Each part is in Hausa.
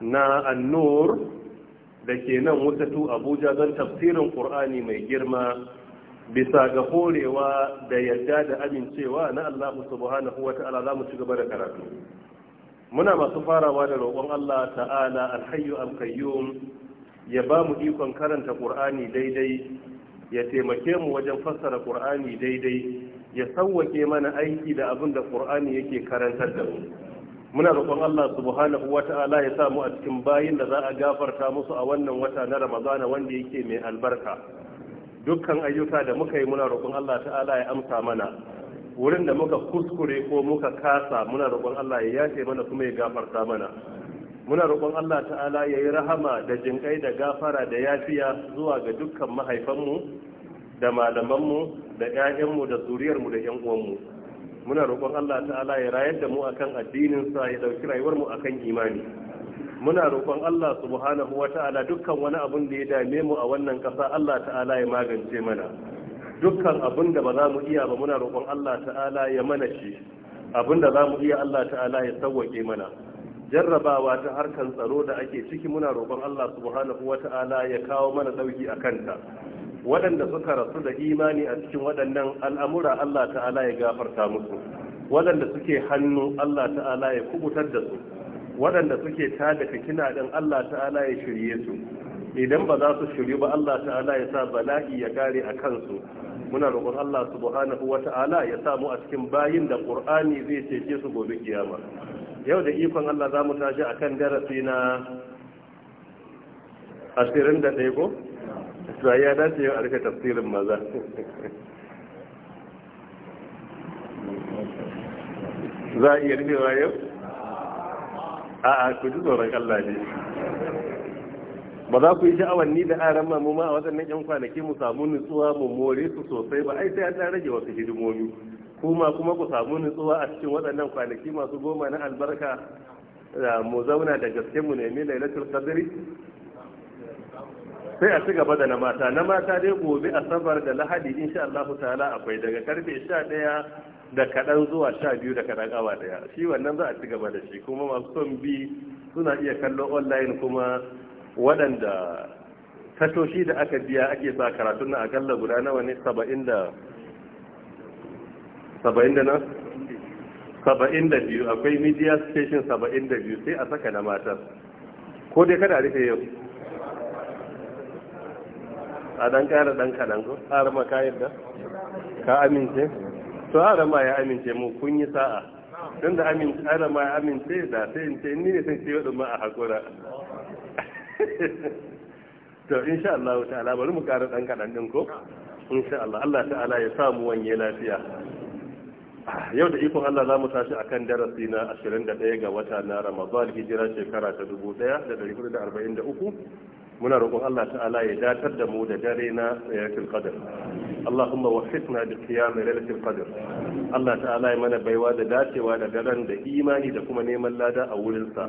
na annur da ke nan wutatu abuja don tafsirin ƙur'ani mai girma bisa ga horewa da yadda da amincewa na allahu subhanahu wa ta'ala za mu ci gaba da karatu muna masu farawa da roƙon allah ta'ala alhayyu alkayyum ya ba mu ikon karanta ƙur'ani daidai ya taimake mu wajen fassara ƙur'ani daidai ya sauwake mana aiki da abin da ƙur'ani yake karantar da mu muna roƙon Allah subhanahu wa ta'ala ya samu a cikin bayin da za a gafarta musu a wannan wata na Ramadana wanda yake mai albarka dukkan ayyuka da muka yi muna roƙon Allah ta'ala ya amsa mana wurin da muka kuskure ko muka kasa muna roƙon Allah ya yafe mana kuma ya gafarta mana muna roƙon Allah ta'ala ya yi rahama da jinƙai da gafara da yafiya zuwa ga dukkan mahaifanmu da malamanmu da 'ya'yanmu da zuriyarmu da 'yan uwanmu muna roƙon Allah ta'ala ya rayar da mu akan addinin sa ya dauki rayuwar mu akan imani muna roƙon Allah subhanahu ta'ala dukkan wani abun da ya dame mu a wannan kasa, Allah ta'ala ya magance mana dukkan abun da ba za mu iya ba muna roƙon Allah ta'ala ya mana shi abun da za mu iya Allah ta'ala ya sawwake mana jarrabawa ta harkan tsaro da ake ciki muna roƙon Allah subhanahu ta'ala ya kawo mana dauki a kanta waɗanda suka rasu da imani a cikin waɗannan al'amura Allah ta'ala ya gafarta musu waɗanda suke hannu Allah ta'ala ya kubutar da su waɗanda suke tada fitina ɗin Allah ta'ala ya shirye su idan ba za su shiryu ba Allah ta'ala ya sa bala'i ya gare a kansu muna roƙon Allah subhanahu wa ta'ala ya sa mu a cikin bayin da Qur'ani zai cece su gobe kiyama yau da ikon Allah za mu tashi akan darasi na 21 ko to ya dace yau a rika tafsirin maza za a iya rufewa yau a'a ku ji tsoron Allah ne ba za ku yi sha'awanni da aran mamu ma a waɗannan 'yan kwanaki mu samu nutsuwa mu more su sosai ba ai sai an tsara rage wasu hidimomi kuma kuma ku samu nutsuwa a cikin waɗannan kwanaki masu goma na albarka mu zauna da gaske mu nemi lailatul qadri sai a ci gaba da na mata na mata dai gobe asabar da lahadi insha Allah ta'ala akwai daga karfe 11 da kadan zuwa 12 da kadan awa daya shi wannan za a ci gaba da shi kuma masu son bi suna iya kallo online kuma waɗanda tatoshi da aka biya ake sa karatu na akalla guda nawa ne 70 da 70 na 72 akwai media station 72 sai a saka na mata ko dai kada rufe yau a dan da dan kaɗan ko har ma ka yarda ka amince to har ma ya amince mu kun yi sa'a dan da amince har ma ya amince da sai in ce ni ne sai ciwo ma a hakura to insha Allah ta'ala bari mu kare dan kaɗan din ko insha Allah Allah ta'ala ya samu wanye lafiya yau da ikon Allah za mu tashi akan darasi na 21 ga wata na Ramadan hijira shekara ta 1443 muna roƙon Allah ta'ala ya datar da mu da dare na lailatul qadr Allahumma waffiqna bi qiyam lailatul qadr Allah ta'ala ya mana baiwa da dacewa da daren da imani da kuma neman lada a wurin sa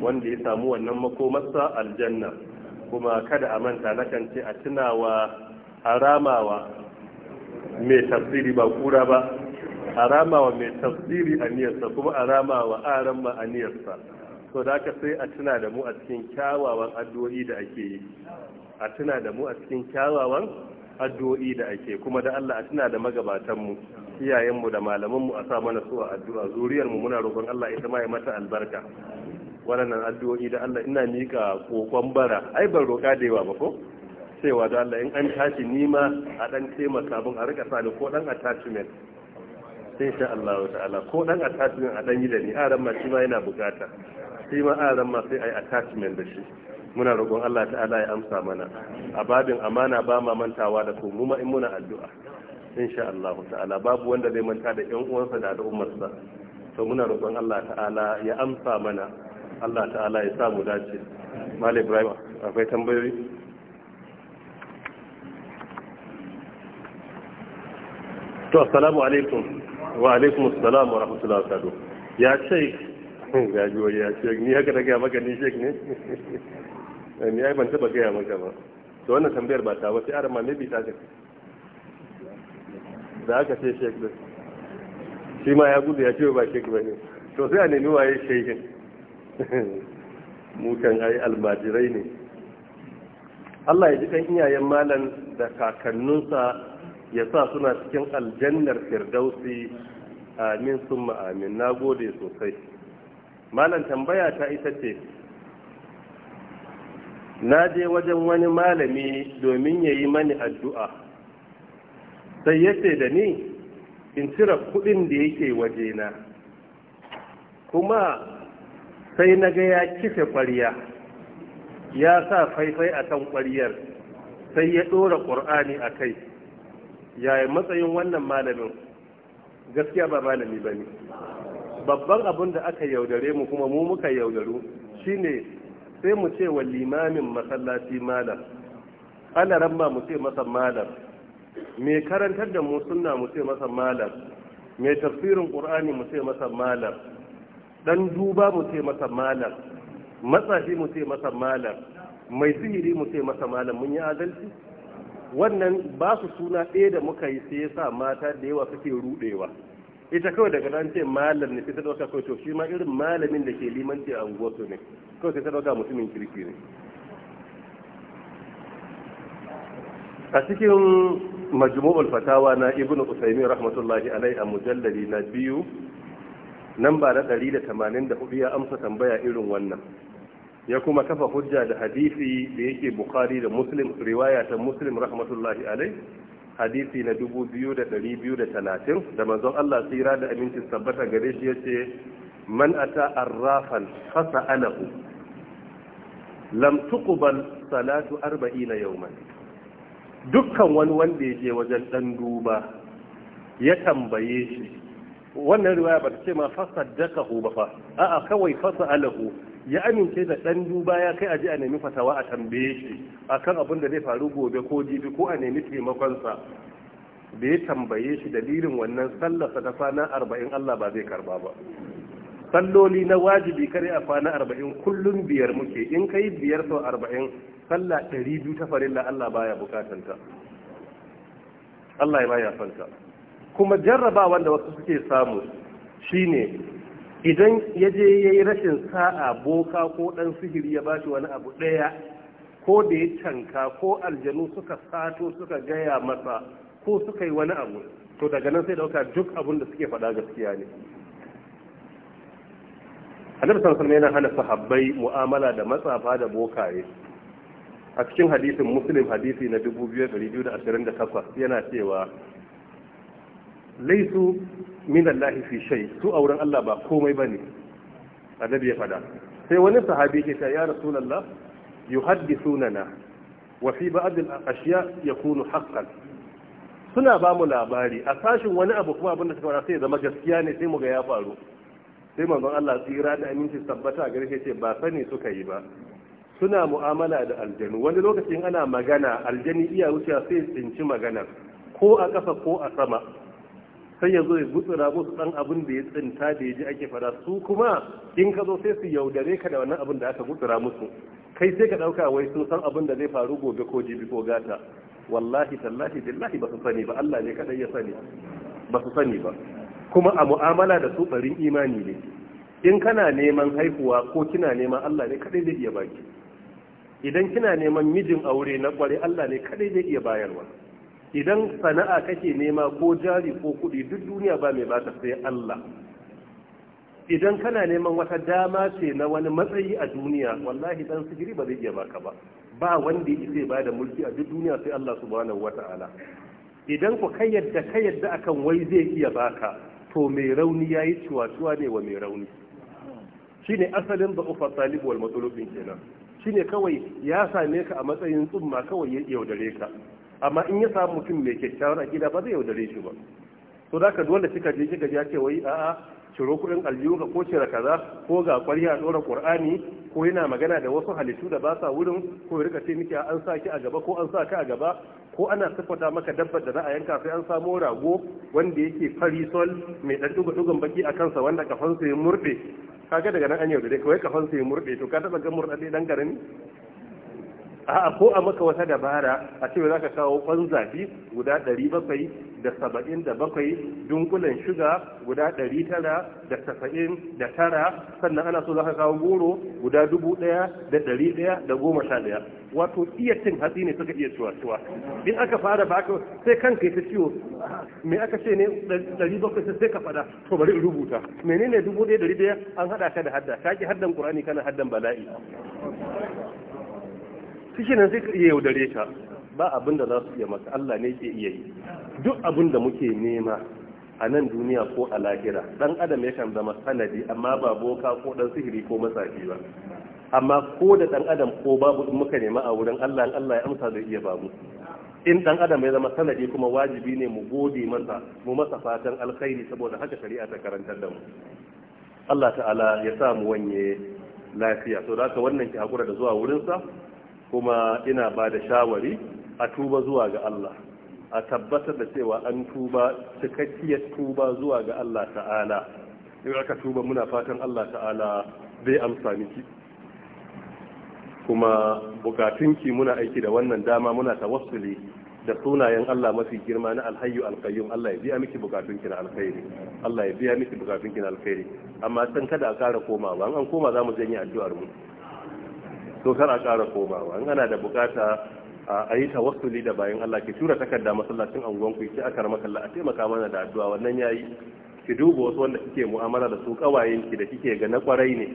wanda ya samu wannan makomarsa aljanna kuma kada a manta na kan ce a tunawa haramawa mai tafsiri ba kura ba haramawa mai tafsiri aniyarsa kuma haramawa aran ma aniyarsa so da ka sai a tuna da mu a cikin kyawawan addu'o'i da ake yi a tuna da mu a cikin kyawawan addu'o'i da ake kuma da Allah a tuna da magabatan mu iyayen mu da malaman mu a sa mana su a addu'a zuriyar mu muna roƙon Allah ita ma ya mata albarka wannan addu'o'i da Allah ina mika kokon bara ai ban roƙa da yawa ba ko cewa da Allah in an tashi nima a dan taimaka bin a rika sani ko dan attachment sai sha Allah ta'ala ko dan attachment a dan yi da ni a ran ma shi ma yana bukata sai ma aran ma sai ai attachment da shi muna roƙon Allah ta'ala ya amsa mana a babin amana ba ma mantawa da ku mu ma in muna addu'a insha Allah ta'ala babu wanda zai manta da ƴan uwansa da al'ummarsa to muna roƙon Allah ta'ala ya amsa mana Allah ta'ala ya sa mu dace Malam Ibrahim akwai tambayoyi to assalamu alaikum wa alaikum assalam wa rahmatullahi wa barakatuh ya ce ya ji wani ya shek ni haka ta gaya maka ni shek ne eh, ni ai ban taba gaya maka ba to wannan tambayar ba ta wasu yaran ma ne bi ta ka da aka ce shek din shi ma ya gudu ya ce ba shek ba ne to sai a nemi waye shekin mu kan ai almajirai ne Allah ya ji kan iyayen malan da kakanninsa ya sa suna cikin aljannar firdausi amin summa amin na gode sosai malam tambaya ta ita ce na je wajen wani malami domin ya yi mani addu'a sai ya ce da ni in cire kudin da yake wajena kuma sai na ga ya kife kwariya ya sa faifai a kan kwariyar sai ya ɗora ƙur'ani a kai yaya matsayin wannan malamin gaskiya ba malami ba ne babban abin da aka yaudare mu kuma mu muka yaudaru shine sai mu ce wa limamin masallaci malam ana ramma mu ce masa malam mai karantar da mu sunna mu ce masa malam mai tafsirin ƙur'ani mu ce masa malam dan duba mu ce masa malam matsafi mu ce masa malam mai sihiri mu ce masa malam mun yi adalci wannan ba su suna ɗaya da muka yi sai yasa mata da yawa suke rudewa ita kawai daga nan ce malam ne sai ta dauka kawai to shi ma irin malamin da ke limanci a unguwarsu ne kawai sai ta dauka mutumin kirki ne a cikin majmu'ul fatawa na ibnu usaimin rahmatullahi alai a mujallali na biyu nan ba da 184 ya amsa tambaya irin wannan ya kuma kafa hujja da hadisi da yake bukhari da muslim riwaya ta muslim rahmatullahi alai hadisi na 2230 da manzon Allah tsira da aminci tabbata gare shi yace man ata arrafan fasa'alahu lam tuqbal salatu 40 yawman dukkan wani wanda ya wajen dan duba ya tambaye shi wannan riwaya ba ta ce ma fasaddaqahu ba fa a'a kawai fasa alahu. ya amince da ɗan duba ya kai aji a nemi fatawa a tambaye shi akan abin da zai faru gobe ko jibi ko a nemi taimakonsa da ya tambaye shi dalilin wannan sallarsa ta kwana arba'in Allah ba zai karba ba salloli na wajibi kare a kwana arba'in kullum biyar muke in kai biyar sau arba'in sallah ɗari biyu ta farilla Allah baya bukatanta Allah ya baya fanta kuma jarraba wanda wasu suke samu shine idan ya je ya yi rashin sa'a boka ko ɗan sihiri ya bashi wani abu ɗaya ko da ya canka ko aljanu suka sato suka gaya masa ko suka yi wani abu to daga nan sai dauka duk abin da suke faɗa gaskiya ne annabi sallallahu yana hana sahabbai mu'amala da matsafa da bokaye a cikin hadisin muslim hadisi na 2228 yana cewa laisu min Allah fi shay su auren Allah ba komai bane annabi ya fada sai wani sahabi ke ya rasulullah yuhaddithunana wa fi ba'd al ya kunu haqqan suna ba mu labari a sashin wani abu kuma abin da suka fara sai ya zama gaskiya ne sai mu ga ya faru sai manzon Allah tsira da aminci tabbata a gare ce ba sani suka yi ba suna mu'amala da aljanu wani lokacin ana magana aljani iya wuce sai tsinci magana ko a ƙasa ko a sama sai ya zo ya gutsura musu dan abin da ya tsinta da ya ji ake fara su kuma in ka zo sai su yaudare ka da wannan abin da aka gutsura musu kai sai ka ɗauka wai sun san abin da zai faru gobe ko jibi ko gata wallahi tallahi billahi ba su sani ba Allah ne kadai ya sani ba su sani ba kuma a mu'amala da su barin imani ne in kana neman haihuwa ko kina neman Allah ne kadai zai iya baki idan kina neman mijin aure na kware Allah ne kadai zai iya bayarwa idan sana'a kake nema ko jari ko kuɗi duk duniya ba mai baka sai Allah idan kana neman wata dama ce na wani matsayi a duniya wallahi dan sigiri ba zai iya baka ba ba wanda yake ba da mulki a duk duniya sai Allah subhanahu wata'ala idan ku kai yadda kai yadda akan wai zai iya baka to mai rauni yayi cuwa ne wa mai rauni shine asalin da ufa talib wal matlubin kenan shine kawai ya same ka a matsayin tsumma kawai ya yaudare ka amma in ya samu mutum mai kyakkyawar akida ba zai yaudare shi ba to da ka dole kika je kika ya ce wai a'a ciro kuɗin aljiyuka ko cire kaza ko ga ƙwarya ɗora ƙur'ani ko yana magana da wasu halittu da ba sa wurin ko ya rika ce miki an sa ki a gaba ko an sa ka a gaba ko ana siffata maka dabbar da za a yanka sai an samo rago wanda yake fari sol mai ɗan ɗuga baki a kansa wanda kafansa ya murɗe kaga daga nan an yaudare kawai kafansa ya murɗe to ka taɓa ga murɗaɗe ɗan ƙarami a'a ko a maka wata dabara a ce za ka kawo kwan zafi guda 777 dunkulen shuga guda 999 sannan ana so za ka kawo goro guda ɗaya. wato iya cin hatsi ne suka iya cewa cewa in aka fara ba aka sai kanka ya ta ciwo me aka ce ne 700 sai ka fada to bari in rubuta menene ɗaya? an hada ka da hadda ka ki haddan qur'ani kana haddan bala'i shi nan sai iya yaudare ta ba abin da za su iya masa Allah ne ke iya yi duk abin da muke nema a nan duniya ko a lahira dan adam ya kan zama sanadi amma ba boka ko dan sihiri ko matsafi ba amma ko da dan adam ko babu in muka nema a wurin Allah in Allah ya amsa zai iya babu in dan adam ya zama sanadi kuma wajibi ne mu gode masa mu masa fatan alkhairi saboda haka shari'a ta karantar da mu Allah ta'ala ya sa mu wanye lafiya to da wannan ki hakura da zuwa wurin sa kuma ina ba da shawari a tuba zuwa ga Allah a tabbatar da cewa an tuba cikakkiyar tuba zuwa ga Allah ta'ala in aka tuba muna fatan Allah ta'ala zai amsa miki kuma bukatunki muna aiki da wannan dama muna tawassuli da sunayen Allah mafi girma na alhayyu alkayyum Allah ya biya miki bukatunki na alkhairi Allah ya biya miki bukatunki na alkhairi amma san kada a kara komawa an koma zamu mu janye addu'ar mu to kar a ƙara komawa in ana da bukata a yi tawassuli da bayan Allah ki tura takarda masallacin anguwan ku ki akar Allah a taimaka mana da addu'a wannan yayi ki duba wasu wanda kike mu'amala da su kawayen ki da kike ga na kwarai ne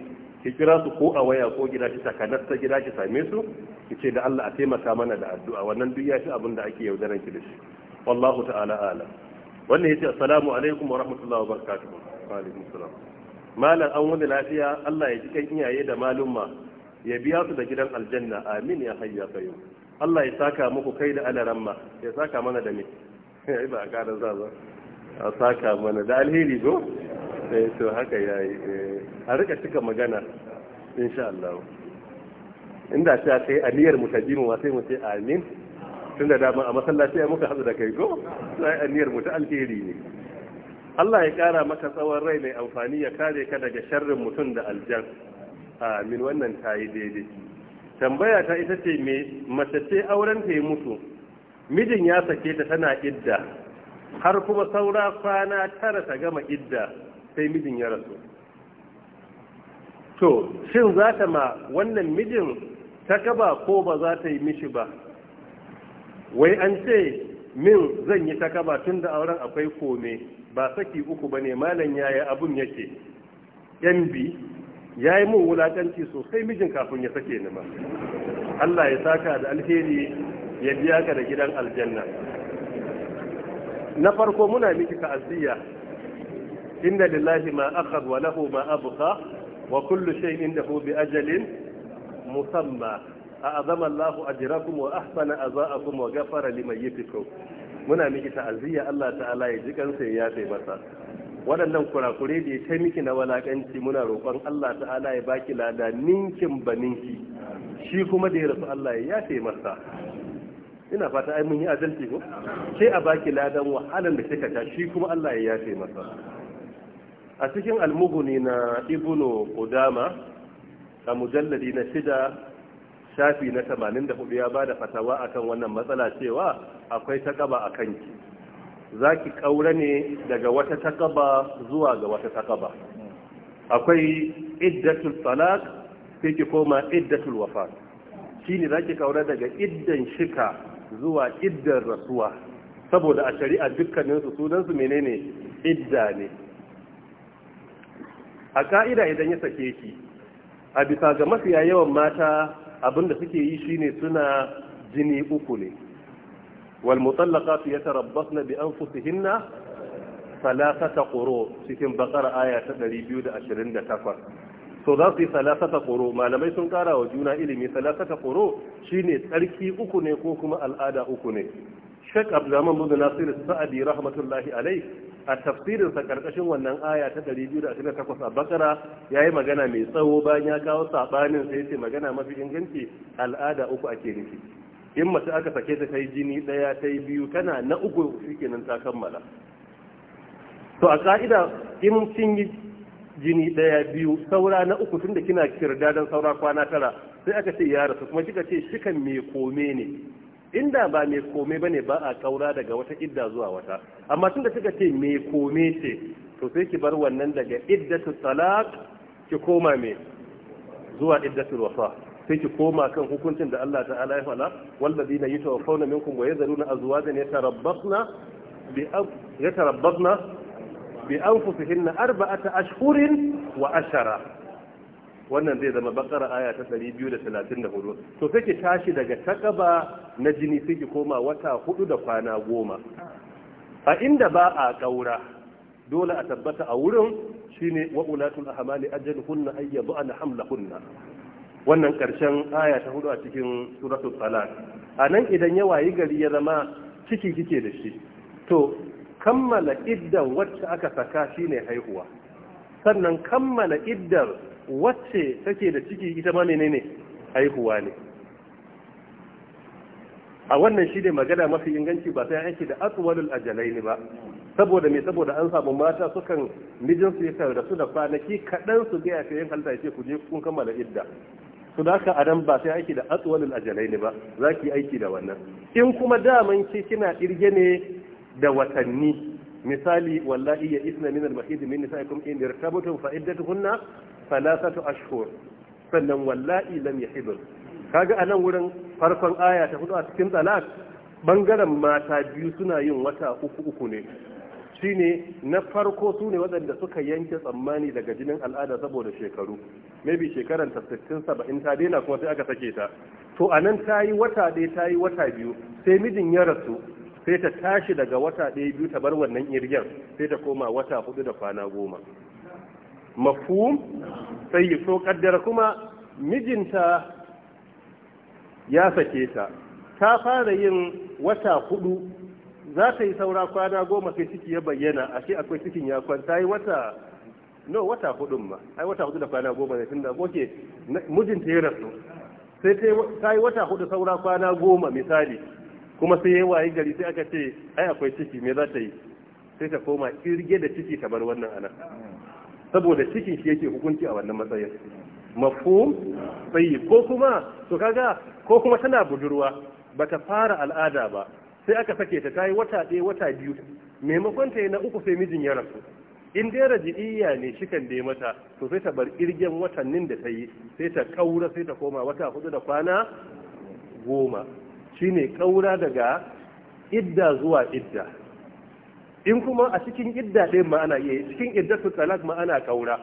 ki kira su ko a waya ko gida ki takanar ta gida ki same su ki ce da Allah a taimaka mana da addu'a wannan duk ya fi abin da ake yaudaran ki da shi wallahu ta'ala alam wannan yace assalamu alaikum wa rahmatullahi wa barakatuh wa alaikum assalam malam an wani lafiya Allah ya ji kan iyaye da malumma ya biya su da gidan aljanna amin ya hayya kayo Allah ya saka muku kai da alaramma ya saka mana da me yayi ba karan ba. a saka mana da alheri go sai eh, to haka yayi eh, a rika cika magana insha Allah inda sai kai aniyar mu tajimu wa sai mu ce amin tunda dama a masallaci ai muka hadu da kai go sai aniyar mu ta alheri ne Allah ya kara maka tsawon rai mai amfani ya kare ka daga sharrin mutum da aljanna min wannan ta yi daidai tambaya ta ita ce mai mace ce auren ta yi mutu mijin ya sake ta tana idda har kuma saura kwana tara ta gama idda sai mijin ya rasu to shin za ta ma wannan mijin ta kaba ko ba za ta yi mishi ba wai an ce min zan yi ta kaba tun da auren akwai kome ba saki uku ba ne malam yaya abun yake yan bi ya yi mun wulaƙanci sosai mijin kafin ya sake ni ma Allah ya saka da alheri ya biya ka da gidan aljanna na farko muna miki aziya inna lillahi ma akhadha wa lahu ma abqa wa kullu shay'in indahu bi ajalin musamma azama Allahu ajrakum wa ahsana azaakum wa ghafara limayyitikum muna miki ta'aziyya Allah ta'ala ya ji kansa ya yafe masa waɗannan kurakure da ya ta miki na walakanci muna roƙon Allah ta'ala ya baki lada ninkin ba ninki shi kuma da ya rasu Allah ya yafe masa ina fata ai mun yi adalci ko sai a baki ladan wahalan da kika ta shi kuma Allah ya yafe masa a cikin almughni na ibnu qudama a mujalladi na shida shafi na 84 ya ba da fatawa akan wannan matsala cewa akwai ta ƙaba a kanki. za ki ƙaura ne daga wata takaba zuwa ga wata takaba akwai iddatul talaq sai ki koma iddatul Shi ne za ki ƙaura daga iddan shika zuwa iddan rasuwa saboda a shari'a dukkaninsu sunansu menene idda ne a ka'ida idan ya sake ki a bisa ga mafiya yawan mata abinda suke yi shine suna jini uku ne والمطلقات يتربصن بأنفسهن ثلاثة قروء cikin بقرة آية 228 so za su yi salasata koro malamai sun ƙara wa juna ilimi salasata koro shine tsarki uku ne ko kuma al'ada uku ne shek abdulrahman bin nasir sa'adi rahmatullahi alai a tafsirinsa karkashin wannan aya ta 228 a bakara yayi magana mai tsawo bayan ya kawo sabanin sai ce magana mafi inganci al'ada uku ake nufi in mace aka sake ta kai jini daya ta yi biyu tana na uku shikenan ta kammala to a ka'ida in sun yi jini daya biyu saura na uku tun da kina kirda don saura kwana tara sai aka ce ya rasu kuma kika ce shikan me kome ne inda ba mai kome bane ba a kaura daga wata idda zuwa wata amma tun tunda kika ce mai kome ce to sai ki bar wannan daga iddatu talaq ki koma mai zuwa iddatu wafa sai ki koma kan hukuncin da Allah ta'ala ya fada walladina yatawaffawna minkum wa yadharuna azwajan yatarabbasna bi yatarabbasna bi anfusihinna arba'ata ashhurin wa ashara wannan zai zama bakara aya ta 234 to sai ki tashi daga takaba na jini sai ki koma wata hudu da kwana goma a inda ba a kaura dole a tabbata a wurin shine wa ulatul ahmali ajalhunna ayyadu an hamlahunna wannan ƙarshen aya ta hudu a cikin suratul talaq a nan idan ya wayi gari ya zama ciki kike da shi to kammala iddan wacce aka saka shine haihuwa sannan kammala iddar wacce take da ciki ita ma menene haihuwa ne a wannan shi ne magana mafi inganci ba sai aiki da atwalul ajalai ba saboda me saboda an samu mata sukan mijinsu ya su da kwanaki kaɗan su gaya fiye halitta ya ku je kun kammala idda su da ka adam ba sai aiki da atsuwalul ajalai ne ba za ki aiki da wannan in kuma daman ki kina kirge ne da watanni misali wallahi ya isna min al-mahid min nisaikum in irtabtum fa iddatuhunna thalathatu ashhur sannan wallahi lam yahid kaga anan wurin farkon aya ta hudu a cikin talak bangaren mata biyu suna yin wata uku uku ne shine na farko su ne waɗanda suka yanke tsammani daga jinin al'ada saboda shekaru maybe shekaran ta 60 70 ta daina kuma sai aka sake ta to anan ta yi wata ɗaya ta yi wata biyu sai mijin ya rasu sai ta tashi daga wata ɗaya biyu ta bar wannan irgen sai ta koma wata hudu da kwana goma mafhum sai yi so kaddara kuma mijinta ya sake ta ta fara yin wata hudu za ta yi saura kwana goma sai ciki ya bayyana a shi akwai cikin ya kwanta yi wata no wata hudun ma ai wata hudu da kwana goma ne tunda goke ta ya rasu sai ta yi wata hudu saura kwana goma misali kuma sai yayi waye gari sai aka ce ai akwai ciki me za ta yi sai ta koma kirge da ciki ta bar wannan anan saboda cikin shi yake hukunci a wannan matsayin mafhum tsayi ko kuma to kaga ko kuma tana budurwa bata fara al'ada ba sai aka sake ta tayi wata ɗaya wata biyu maimakon ta yi na uku sai mijin ya rasu in dai rajiya ne shikan da mata to sai ta bar kirgen watannin da ta yi sai ta kaura sai ta koma wata hudu da kwana goma shine kaura daga idda zuwa idda in kuma a cikin idda ɗin ma ana iya cikin idda su talak ma ana kaura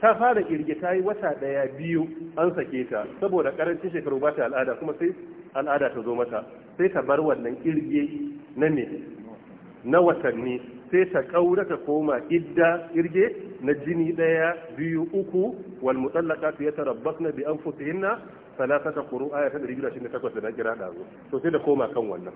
ta fara kirge ta yi wata ɗaya biyu an sake ta saboda karancin shekaru ba ta al'ada kuma sai al'ada ta zo mata sai ta bar wannan kirge na me na watanni sai ta kaura ta koma idda kirge na jini daya biyu uku wal mutallaka su ya bi anfusihinna salasata quru aya ta da na kira dazu to sai da koma kan wannan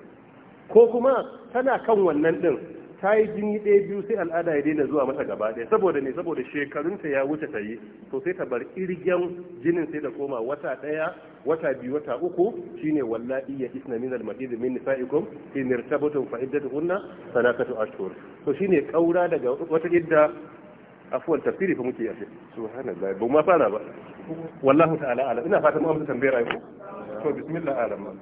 ko kuma tana kan wannan din ta yi jini ɗaya biyu sai al'ada ya daina zuwa mata gaba ɗaya saboda ne saboda shekarunta ya wuce ta yi to sai ta bar irgen jinin sai ta koma wata ɗaya wata biyu wata uku shine wallahi ya isna min al madid min nisaikum in irtabatu fa iddatuhunna sanakatu ashhur to shine kaura daga wata idda afuwan tafsiri fa muke ce subhanallah ba ma fara ba wallahu ta'ala ala ina fatan mu amsa tambayar ai ko to bismillah alamma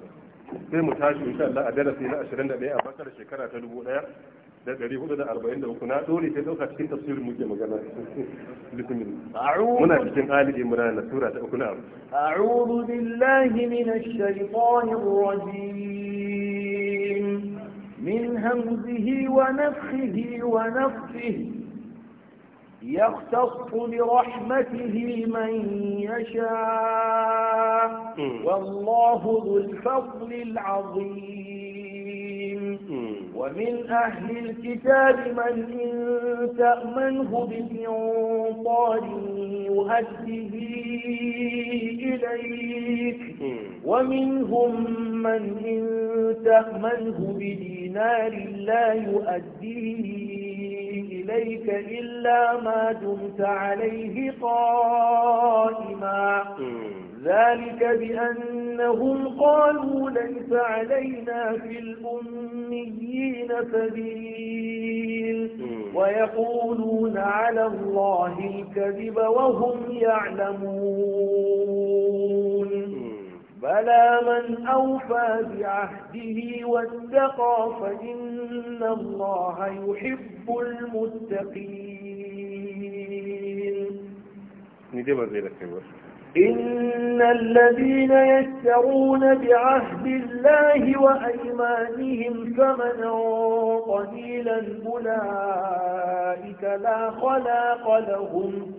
sai mu tashi insha Allah a darasi na 21 a bakar shekara ta 1443 na dole sai dauka cikin tafsirin muke magana muna cikin ali imran na sura ta uku na a'udhu billahi minash shaitanir rajim min hamzihi wa nafthihi wa nafthihi يختص برحمته من يشاء والله ذو الفضل العظيم ومن أهل الكتاب من إن تأمنه بقنطار يؤديه إليك ومنهم من إن تأمنه بدينار لا يؤديه إليك إلا ما دمت عليه قائما ذلك بأنهم قالوا ليس علينا في الأميين سبيل ويقولون على الله الكذب وهم يعلمون بلى من أوفى بعهده واتقى فإن الله يحب المتقين يا إن الذين يشترون بعهد الله وأيمانهم ثمنا قليلا أولئك لا خلاق لهم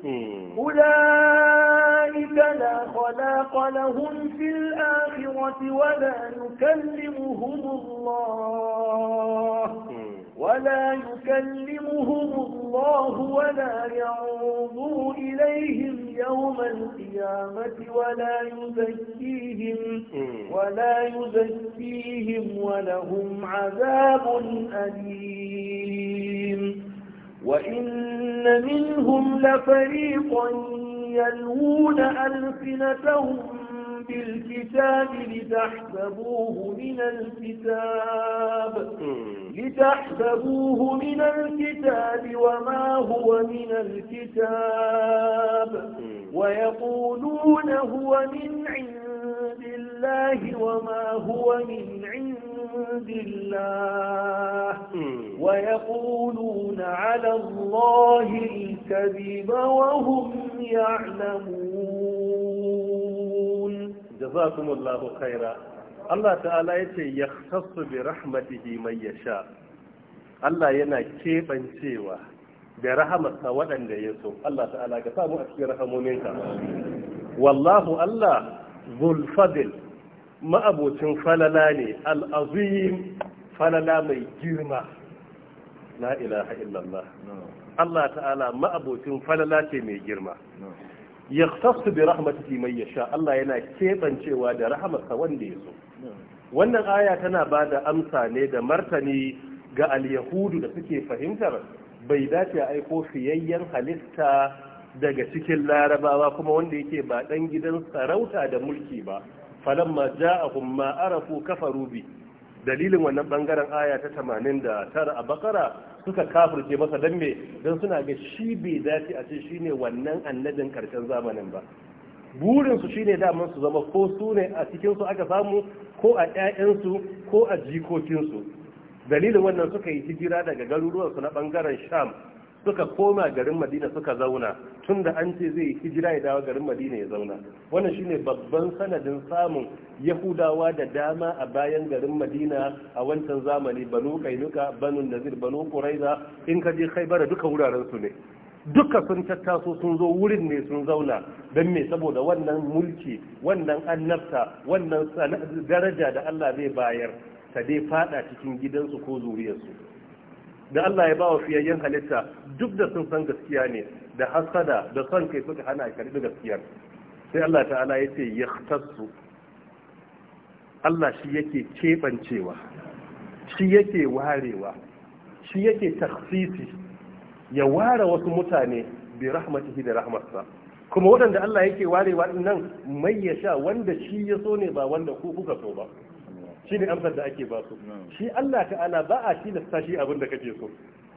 أولئك لا خلاق لهم في الآخرة ولا يكلمهم الله ولا يكلمهم الله ولا ينظر إليهم يوم القيامة ولا يزكيهم ولا يزكيهم ولهم عذاب أليم وإن منهم لفريقا يلوون ألسنتهم بالكتاب لتحسبوه من الكتاب لتحسبوه من الكتاب وما هو من الكتاب ويقولون هو من عند الله وما هو من عند الله ويقولون على الله الكذب وهم يعلمون jazakumullahu khaira Allah ta'ala yace yakhtassu bi rahmatihi man yasha Allah yana kebancewa da rahamarsa waɗanda ya so Allah ta'ala ka samu a cikin rahamominka wallahu Allah zul fadl ma'abocin falala ne al'azim falala mai girma la ilaha illallah Allah ta'ala ma'abocin falala ce mai girma yaqtasu bi rahmatihi man yasha Allah yana kebancewa da rahmarsa wanda ya so wannan aya tana bada amsa ne da martani ga al-yahudu da suke fahimtar bai dace a aiko fiyayyen halitta daga cikin larabawa kuma wanda yake ba dan gidan sarauta da mulki ba falamma ja'ahum ma arafu kafaru bi dalilin wannan bangaren aya ta 89 a bakara suka kafirce masa dan me don suna ga shi bai dace a ce shine wannan annabin karshen zamanin ba Burinsu shine daman su zama ko su ne a cikinsu aka samu ko a ƴaƴansu ko a jikokinsu. dalilin wannan suka yi hijira daga garuruwansu na bangaren sham suka koma garin madina suka zauna tun da an ce zai hijira ya dawo garin madina ya zauna wannan shine babban sanadin samun yahudawa da dama a bayan garin madina a wancan zamani banu kainuka banu nazir banu quraiza in ka je khaibara duka wuraren su ne duka sun tattaso sun zo wurin ne sun zauna don me saboda wannan mulki wannan annabta wannan daraja da Allah zai bayar ta dai fada cikin gidansu ko zuriyarsu da Allah ya ba wa fiyayyen halitta duk da sun san gaskiya ne da hasada da son kai suka hana da gaskiya. sai Allah ta'ala ya ce ya yahtassu Allah shi yake kebancewa shi yake warewa shi yake takhsisi ya ware wasu mutane bi rahmatihi da rahmatsa kuma waɗanda Allah yake warewa din nan mai ya sha wanda shi ya so ne ba wanda ku kuka so ba shi ne amsar da ake ba su shi Allah ta'ala ba a shi tilasta shi abin da kake so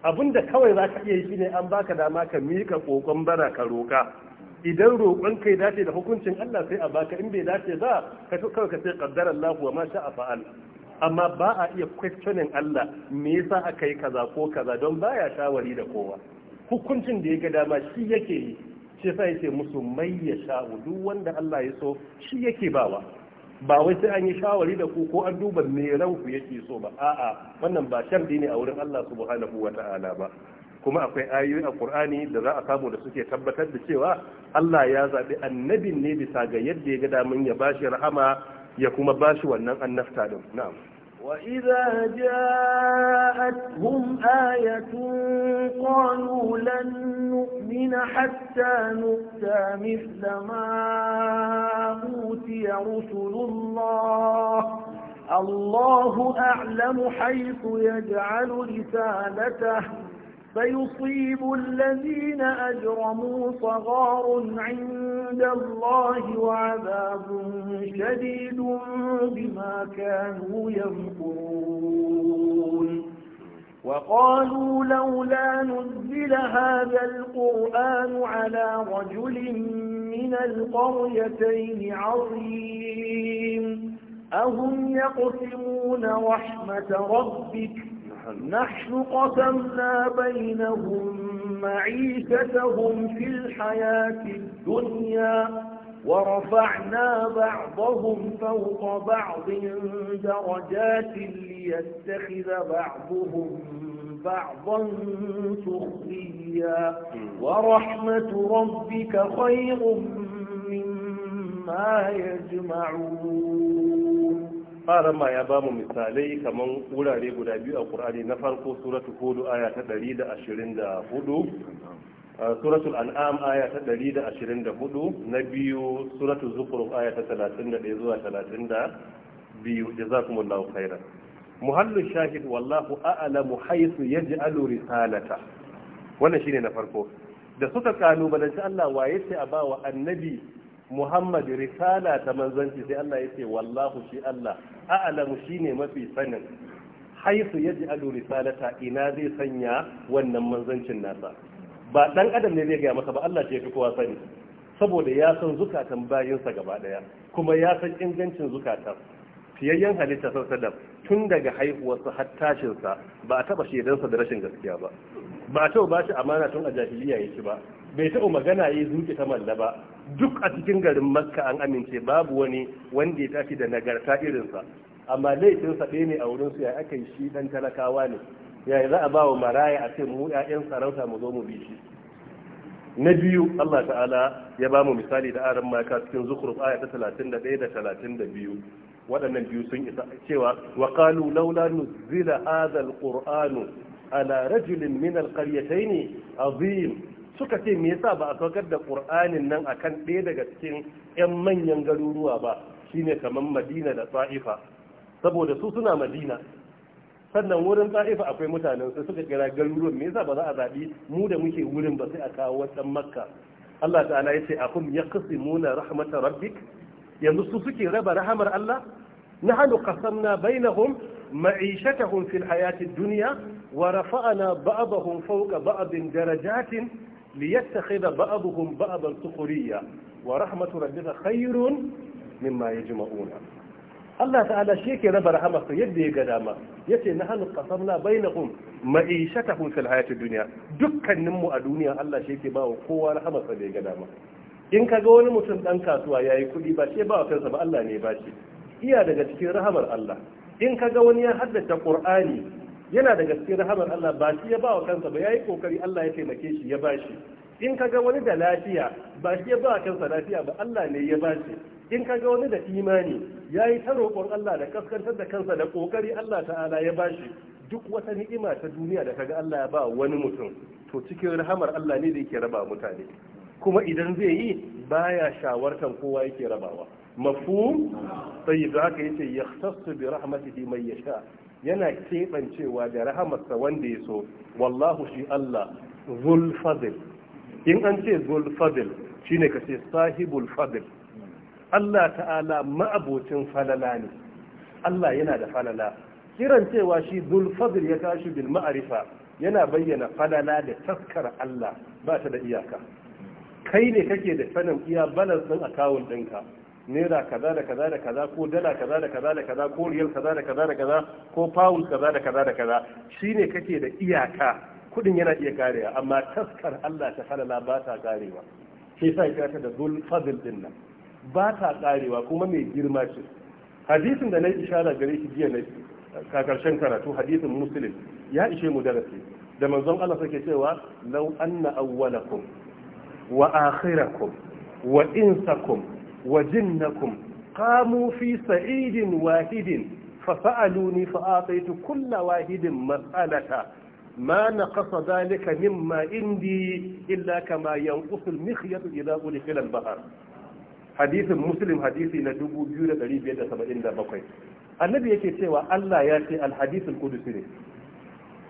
abin da kawai za ka iya yi ne an baka dama ka mika kokon bara ka roka idan roƙon kai dace da hukuncin Allah sai a baka in bai dace ba ka to kawai ka sai qaddara Allah wa ma fa'al amma ba a iya questioning Allah me yasa aka yi kaza ko kaza don baya shawari da kowa hukuncin da ya ga dama shi yake yi shi ya yake musu mai ya sha'u duk wanda Allah ya so shi yake bawa ba wai sai an yi shawari da ku ko an duba me ranku yake so ba a'a wannan ba shardi ne a wurin Allah subhanahu wata'ala ba kuma akwai ayoyi a Qur'ani da za a samu da suke tabbatar da cewa Allah ya zaɓi annabin ne bisa ga yadda ya ga damin ya bashi rahama ya kuma bashi wannan annafta din na'am وإذا جاءتهم آية قالوا لن نؤمن حتى نؤتى مثل ما أوتي رسل الله الله أعلم حيث يجعل رسالته فيصيب الذين أجرموا صغار عند الله وعذاب شديد بما كانوا يمكرون وقالوا لولا نزل هذا القرآن على رجل من القريتين عظيم أهم يقسمون رحمة ربك نحن قسمنا بينهم معيشتهم في الحياة الدنيا ورفعنا بعضهم فوق بعض درجات ليتخذ بعضهم بعضا سخريا ورحمة ربك خير مما يجمعون arama ya ba mu misalai kamar wurare guda biyu a ƙur'ani na farko suratul hudu aya ta 124 suratul an'am aya ta 124 na biyu suratul zukhruf aya ta 31 zuwa 32 jazakumullahu khairan muhallu shahid wallahu a'lamu haythu yaj'alu risalata wannan shine na farko da suka kalubalanci Allah waye sai a ba wa annabi Muhammad risala ta manzanci sai Allah ya ce wallahu shi Allah a'lamu ne mafi sanin haisu yaji alu risalata ina zai sanya wannan manzancin nasa ba dan adam ne zai ga masa ba Allah ce fi kowa sani saboda ya san zukatan bayinsa gaba daya kuma ya san ingancin zukatan fiyayyen halitta sadar tun daga haihuwarsa har tashinsa ba a taba shedansa da rashin gaskiya ba ba a taba ba shi amana tun a jahiliya yake ba bai taba magana yi zuke ta malla ba duk a cikin garin makka an amince babu wani wanda ya tafi da nagarta irinsa amma laifinsa ɗaya ne a wurinsu ya aka yi shi ɗan talakawa ne ya za a ba wa maraya a ce mu 'ya'yan sarauta mu zo mu bi shi na biyu Allah ta'ala ya ba mu misali da aran maka cikin zukuruf aya ta 31 da 32 waɗannan biyu sun isa cewa wa qalu laula nuzila hadha alqur'anu ala rajulin min alqaryatayn azim suka ce me yasa ba a saukar da ƙur'anin nan akan ɗaya daga cikin yan manyan garuruwa ba shine kamar madina da tsa'ifa saboda su suna madina sannan wurin tsa'ifa akwai mutanen su suka kira garuruwan me yasa ba za a zaɓi mu da muke wurin ba sai a kawo wancan makka Allah ta'ala ya ce akum yaqsimuna rahmatar rabbik yanzu su suke raba rahamar Allah nahnu kasamna bainahum ma'ishatahum fil hayatid dunya wa rafa'na ba'dahum fawqa ba'din darajatin liyattakhidha ba'dhum ba'dan sukhriya wa rahmatu rabbika khairun mimma yajma'una Allah ta'ala shi yake raba rahamarsa yadda ya ga dama yace na hanu qasamna na ma'ishatahum fil hayati dunya dukkanin mu a duniya Allah shi yake bawa kowa rahamarsa da ya ga dama in ka ga wani mutum dan kasuwa yayi kuɗi ba sai ba kansa ba Allah ne ba shi iya daga cikin rahamar Allah in ka ga wani ya haddace Qur'ani yana da gaske rahamar Allah ba shi ya ba wa kansa ba yayi kokari Allah ya taimake shi ya bashi in kaga wani da lafiya ba shi ya ba wa kansa lafiya ba Allah ne ya bashi in kaga wani da imani yayi ta roƙon Allah da kaskantar da kansa da kokari Allah ta'ala ya bashi duk wata ni'ima ta duniya da kaga Allah ya ba wani mutum to cikin rahamar Allah ne da yake raba mutane kuma idan zai yi baya shawartan kowa yake rabawa mafhum sai da haka yace yahtassu bi rahmatihi man yasha yana keɓancewa da rahamarsa wanda ya so wallahu shi Allah zul in an ce zul shi shine ka ce sahibul fadil Allah ta'ala ma'abocin falala ne Allah yana da falala kiran cewa shi zul ya tashi bil ma'arifa yana bayyana falala da taskar Allah ba ta da iyaka kai ne kake da sanin iya balance din akawun ɗinka naira kaza da kaza da kaza ko dala kaza da kaza da kaza ko riyal kaza da kaza da kaza ko pound kaza da kaza da kaza shine kake da iyaka kudin yana iya karewa amma taskar Allah ta halala ba ta karewa shi sai ka ta da dul fadl din nan ba ta karewa kuma mai girma ce hadisin da na ishara gare shi jiya na ka karatu hadisin muslim ya ishe mu darasi da manzon Allah sake cewa law anna awwalakum wa akhirakum wa insakum wa jinnakum qamu fi sa'idin wahidin fa sa'aluni fa ataitu kulla wahidin mas'alata ma naqasa dhalika mimma indi illa kama yanqasu al-mikhyat ila quli fil bahr hadith muslim hadith na 2577 annabi yake cewa Allah ya ce al-hadith al-qudsi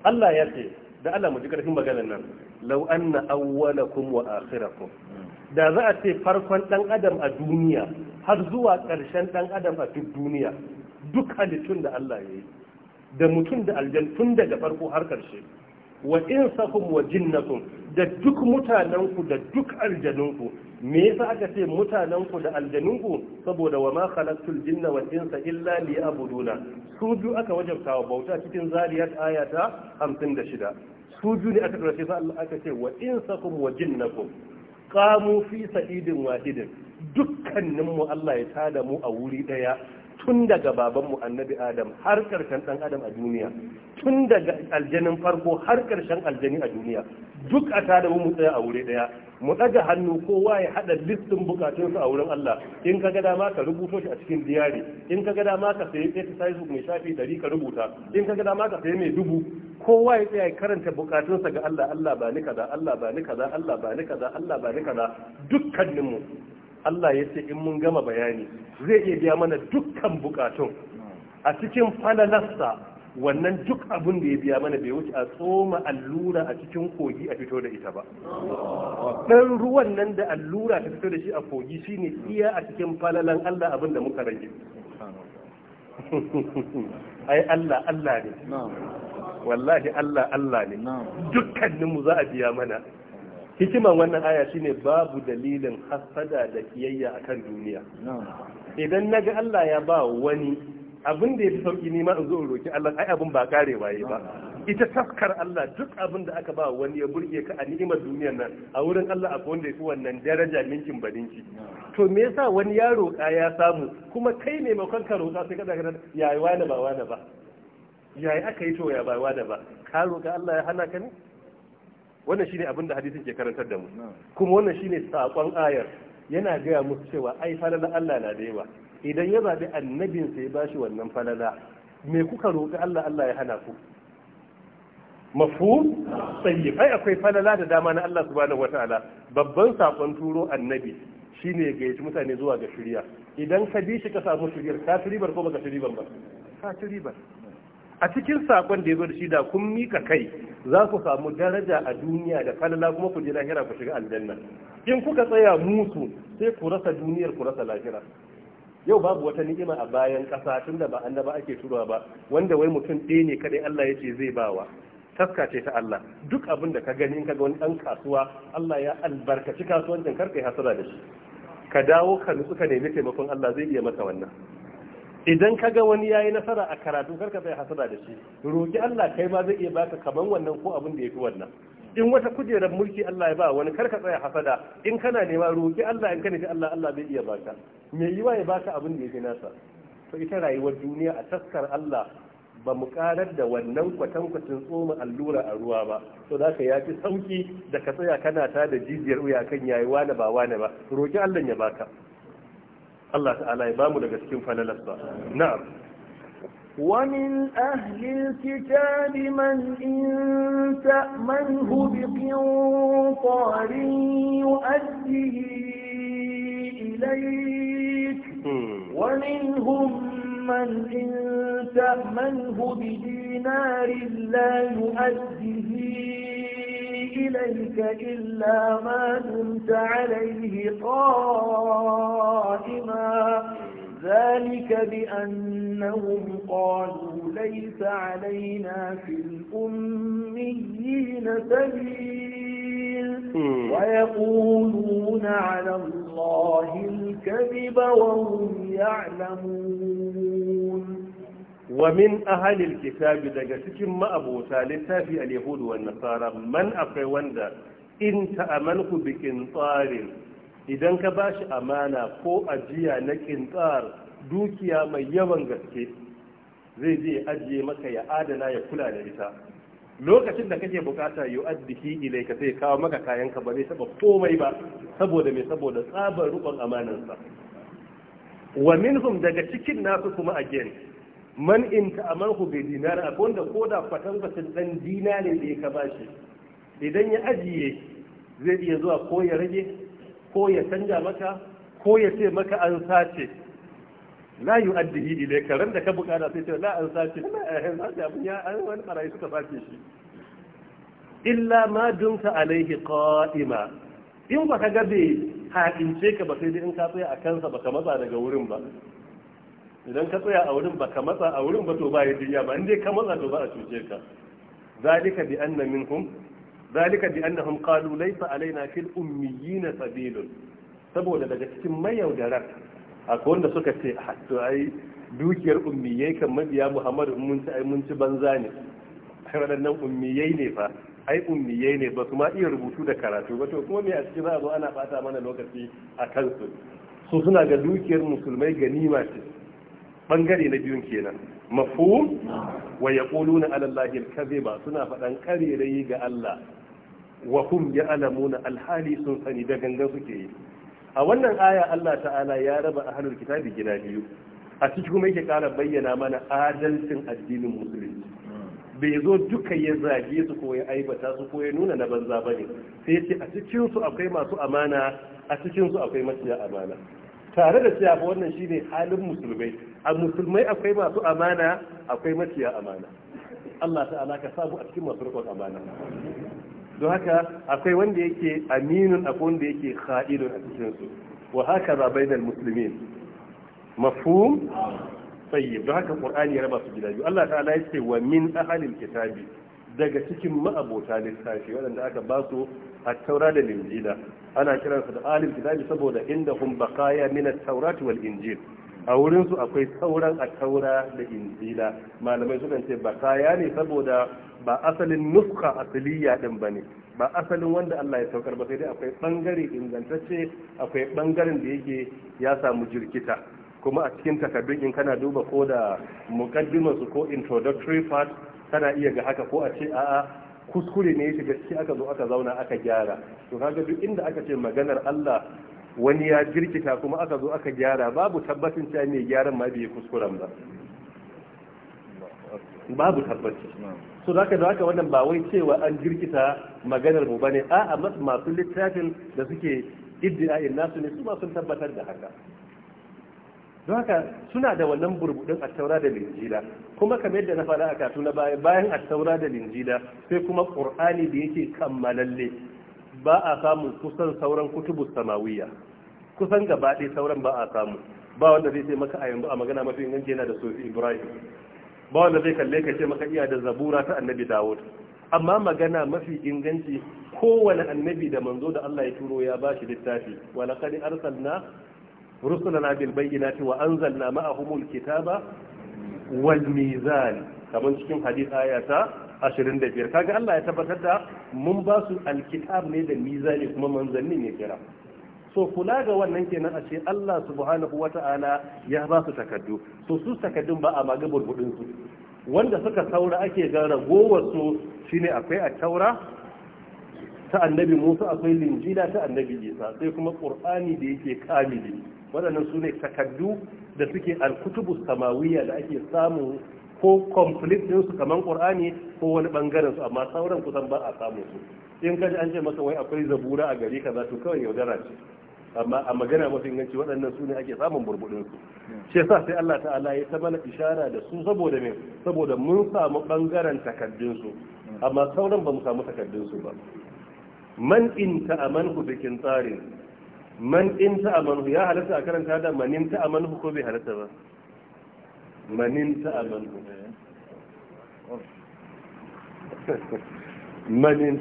Allah ya ce da Allah mu ji karfin maganar nan law anna awwalakum wa akhirakum da za a ce farkon ɗan adam a duniya har zuwa ƙarshen ɗan adam a duk duniya duk halittun da Allah ya yi da mutum da aljan tun daga farko har ƙarshe wa insakum wa jinnakum da duk mutanenku da duk aljanunku me yasa aka ce mutanenku da aljanunku saboda wa ma khalaqtul jinna wal insa illa liya'buduna su biyu aka wajabta wa bauta cikin zariyat ayata 56 su biyu ne aka dace sai Allah aka ce wa insakum wa jinnakum kamu fi sa'idin wahidin dukkaninmu Allah ya tada mu a wuri daya tun daga babanmu annabi adam har karshen dan adam a duniya tun daga aljanin farko har karshen aljani a duniya duk a tada mu tsaya a wuri daya mu daga hannu kowa ya hada listin bukatunsa a wurin Allah in ka ga dama ka rubuto shi a cikin diyari in ka ga dama ka sayi exercise mai shafi 100 ka rubuta in ka ga dama ka sayi mai dubu kowa ya tsaya karanta bukatunsa ga Allah Allah ba ni kaza Allah ba ni kaza Allah ba ni kaza Allah ba ni kaza mu, Allah ya ce in mun gama bayani zai iya biya mana dukkan bukatun a cikin falalarsa wannan duk abin da ya biya mana bai wuce a tsoma allura a cikin kogi a fito da ita ba ɗan ruwan nan da allura ta fito da shi a kogi shine iya a cikin falalan Allah abin da muka rage ai Allah Allah ne wallahi Allah Allah ne dukkaninmu za a biya mana hikiman wannan aya shine babu dalilin hasada da kiyayya akan duniya idan na ga Allah ya ba wani abin da yafi sauki ni ma in zo roki Allah ai abin ba karewa yi ba ita taskar Allah duk abin da aka ba wani ya burge ka a ni'imar duniyar nan a wurin Allah akwai wanda yafi wannan daraja minkin badinki to me yasa wani yaro roƙa ya samu kuma kai ne maimakon ka roƙa sai ka daga ya yi wani ba wani ba yayi aka yi to ya ba wada ba ka roƙi Allah ya hana ka ne wannan shine abin da hadisin ke karantar da mu kuma wannan shine sakon ayar yana gaya musu cewa ai falala Allah na da yawa idan ya zabi annabinsa ya bashi wannan falala me kuka roƙi Allah Allah ya hana ku mafu sai ai akwai falala da dama na Allah subhanahu wataala babban sakon turo annabi shine ya gayyaci mutane zuwa ga shirya idan ka bi shi ka samu shiryar ka ribar ko baka ribar ba ka ribar a cikin sakon da ya zo da shi da kun mika kai za ku samu daraja a duniya da falala kuma ku je lahira ku shiga aljanna in kuka tsaya musu sai ku rasa duniyar ku rasa lahira yau babu wata ni'ima a bayan ƙasa tunda ba annaba ake turawa ba wanda wai mutum ɗaya ne kadai Allah ya ce zai bawa taska ce ta Allah duk abin da ka gani ka ga wani ɗan kasuwa Allah ya albarkaci kasuwancin karka yi hasara da shi ka dawo ka nutsu ka nemi taimakon Allah zai iya maka wannan idan ka ga wani yayi nasara a karatu karka bai hasara da shi roki Allah kai ma zai iya baka kaman wannan ko abin da fi wannan in wata kujerar mulki Allah ya ba wani karka tsaya hasada in kana nema roki Allah in kana ji Allah Allah zai iya baka me yiwa ya baka abin da ya fi nasa to ita rayuwar duniya a taskar Allah ba mu karar da wannan kwatan kwatankwacin tsoma allura a ruwa ba to za ka ya fi sauki da ka tsaya kana ta da jijiyar wuya kan yayi wane ba wane ba roki Allah ya baka Allah ta'ala ya bamu daga cikin falalarsa na'am ومن أهل الكتاب من إن تأمنه بقنطار يؤديه إليك ومنهم من إن تأمنه بدينار لا يؤديه إليك إلا ما دمت عليه قائما ذلك بأنهم قالوا ليس علينا في الأميين سبيل ويقولون على الله الكذب وهم يعلمون wa min ahalil kitabi daga cikin ma'abota littafi al-yahud wa nasara man akwai wanda in ta'amalku bi qintarin idan ka bashi amana ko ajiya na qintar dukiya mai yawan gaske zai je ajiye maka ya adana ya kula da ita lokacin da kake bukata yu'addihi ilayka sai kawo maka kayan ka ba zai taba komai ba saboda me saboda tsabar rubon amanansa wa minhum daga cikin nasu kuma again man in ta'amarhu bi dinar a wanda ko da fatan kwatan dan dinare da ya shi idan ya ajiye zai iya zuwa ko ya rage ko ya canja maka ko ya ce maka an sace la yu'addihi ilayka ran da ka bukata sai ce la an sace eh, abin ya wani barayi suka sace shi illa ma dumta alaihi qa'ima in ka ga bai hakince ka ba sai dai in ka tsaya a kansa baka matsa daga wurin ba idan ka tsaya a wurin ba ka matsa a wurin ba to ba ya diya ba in dai ka matsa to ba a cuce ka zalika bi anna minhum zalika bi annahum qalu laysa alaina fil ummiyin sabilun saboda daga cikin mayaudarar akwai wanda suka ce a ah, to ai dukiyar ummiyai kan mabiya muhammadu mun ci ai mun ci banza ne ai waɗannan ummiyai ne fa ai ummiyai ne ba su ma iya rubutu da karatu ba to kuma me a cikin za a zo ana bata mana lokaci a kansu su suna ga dukiyar musulmai ganima ce bangare na biyun kenan mafhum wa yaquluna ala allahi alkaziba suna fadan karerai ga Allah wa hum ya'lamuna alhali sun sani da gangan suke yi a wannan aya Allah ta'ala ya raba ahlul kitabi gida biyu a cikin kuma yake kara bayyana mana adalcin addinin musulunci bai zo duka ya zage su ko ya aibata su ko ya nuna na banza bane sai ce a cikin su akwai masu amana a cikin su akwai maciya amana tare da cewa wannan shine halin musulmai a musulmai akwai masu amana akwai maciya amana Allah ta'ala ka samu a cikin masu rikon amana don haka akwai wanda yake aminun akwai wanda yake kha'ilun a cikinsu wa haka za bainal muslimin mafhum tayyib don haka qur'ani ya raba su gida biyu Allah ta'ala ya ce wa min ahalin kitabi daga cikin ma'abota littafi waɗanda aka ba su a taura da linjila ana kiransu da ahlil kitabi saboda inda hum baqaya min taurati wal injil a wurin su akwai sauran a taura da injila malamai sukan ce ba kaya ne saboda ba asalin nuska asaliya din ne. ba asalin wanda Allah ya saukar ba sai dai akwai bangare ingantacce akwai ɓangaren da yake ya samu jirkita kuma a cikin takardun in kana duba ko da mukaddimar su ko introductory part kana iya ga haka ko a ce a'a kuskure ne ya shiga ciki aka zo aka zauna aka gyara to kaga duk inda aka ce maganar Allah wani ya jirkita kuma aka zo aka gyara babu tabbacin cewa mai gyaran ma bai kuskuren ba babu tabbaci so da ka da haka wannan ba wai cewa an jirkita maganar mu bane a masu littafin da suke iddia'in nasu ne su ma sun tabbatar da haka don haka suna da wannan burbudin taura da linjila kuma kamar yadda na faɗa a katu na bayan a taura da linjila sai kuma ƙur'ani da yake kammalalle ba a samu kusan sauran kutubu samawiya kusan gaba sauran ba a samu ba wanda zai ce maka a yanzu a magana mafi inganci yana da sofi ibrahim ba wanda zai kalle ka ce maka iya da zabura ta annabi dawud amma magana mafi inganci kowane annabi da manzo da Allah ya turo ya ba shi littafi wa laqad arsalna rusulana bil bayyinati wa anzalna ma'ahumul kitaba wal mizan Kamar cikin hadith ayata ashirin da biyar kaga Allah ya tabbatar da mun ba su alkitab ne da mizani kuma manzanni ne kira so kula ga wannan kenan a ce Allah subhanahu wata'ala ya ba su takaddu so su takaddun ba a maga burbudin su wanda suka saura ake ga ragowar su shine akwai a taura ta annabi Musa akwai linjila ta annabi Isa sai kuma Qur'ani da yake kamili waɗannan su ne takaddu da suke alkutubu samawiyya da ake samu. ko complete ɗinsu kamar ƙur'ani ko wani ɓangaren su amma sauran kusan ba a samu su in ka ji an ce masa wai akwai zabura a gari kaza to kawai yaudara ce amma a magana mafi inganci waɗannan su ne ake samun burbuɗin su shi yasa sai Allah ta'ala ya ta mana ishara da su saboda me saboda mun samu ɓangaren takaddun su amma sauran ba mu samu takaddun su ba man in ta'amanhu bikin tsarin man in ta'amanhu ya halatta a karanta da man in ta'amanhu ko bai halatta ba manin ta'a manin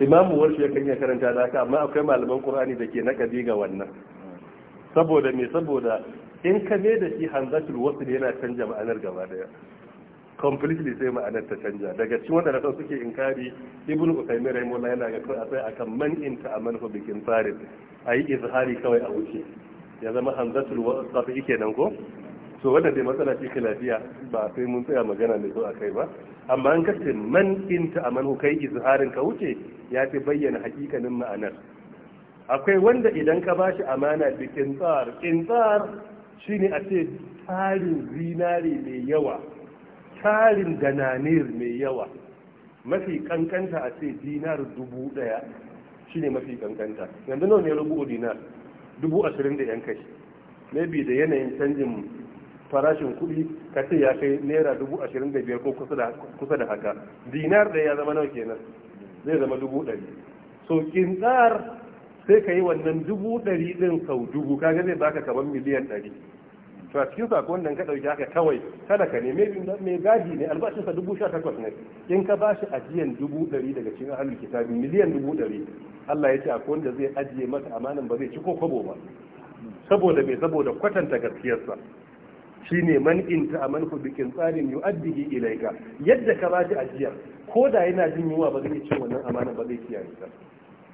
imamu warshe ya kan yi karanta da haka amma akwai malaman ƙur'ani da ke nakabi ga wannan saboda me saboda in ka me da shi hanzatul wasu yana canja ma'anar gaba daya completely sai ma'anar ta canja daga cikin wanda nasan suke inkari ibn usaimi mola yana ga kai a akan man a ta'aman bikin tsarin ayi izhari kawai a wuce ya zama hamzatul wa kenan ko to wannan dai matsala ce lafiya ba sai mun tsaya magana mai a kai ba amma an kace man inta aman kai izharin ka wuce ya fi bayyana hakikanin ma'anar akwai wanda idan ka bashi amana bikin kintsar kintsar shine a ce tarin zinare mai yawa tarin dananir mai yawa mafi kankanta a ce dinar dubu daya shine mafi kankanta yanzu nawa ne rubu dinar dubu ashirin da yan kai maybe da yanayin canjin farashin kuɗi ka ce ya kai naira dubu ashirin da biyar ko kusa da haka dinar da ya zama nawa kenan zai zama dubu ɗari so kintsar sai ka yi wannan dubu ɗari ɗin sau dubu kaga zai baka kamar miliyan ɗari to a cikin sakon nan ka dauki haka kawai kada ka neme mai gadi ne albashin sa dubu sha takwas ne in ka bashi ajiyan dubu dari daga cikin ahlul kitabi miliyan dubu dari Allah ya ce akwai wanda zai ajiye masa amanan ba zai ci ko kwabo ba saboda mai saboda kwatanta gaskiyarsa shine man aman ku bikin tsarin yu'addihi ilaika yadda ka bashi ajiyar ko da yana jin yunwa ba zai ci wannan amanan ba zai kiyaye ta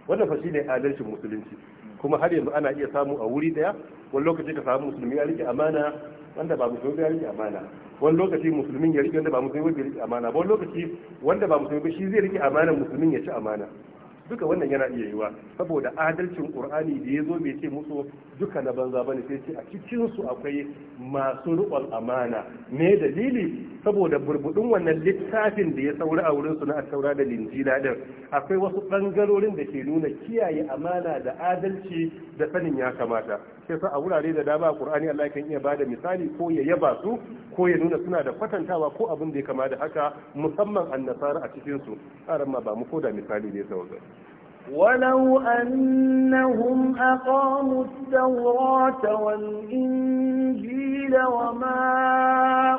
wannan fa ne adalcin musulunci kuma har yanzu ana iya samu a wuri daya wani lokaci ka samu musulmi ya rike amana wanda ba musulmi ya rike amana wani lokaci musulmin ya rike wanda ba musulmi ya rike amana wani lokaci wanda ba musulmi ba shi zai rike amana musulmin ya ci amana duka wannan yana iya yiwa saboda adalcin qur'ani da ya zo bai ce musu duka na banza bane sai ce a cikin su akwai masu riƙon amana me dalili saboda burbudin wannan littafin da ya saura a wurin su na saura da linjila din akwai wasu bangarorin da ke nuna kiyaye amana da adalci da sanin ya kamata sai sa a wurare da dama qur'ani Allah kan iya bada misali ko ya yaba su ko ya nuna suna da kwatantawa ko abin da ya kama da haka musamman annasara a cikin su aran ma ba mu ko da misali ne sauran ولو أنهم أقاموا التوراة والإنجيل وما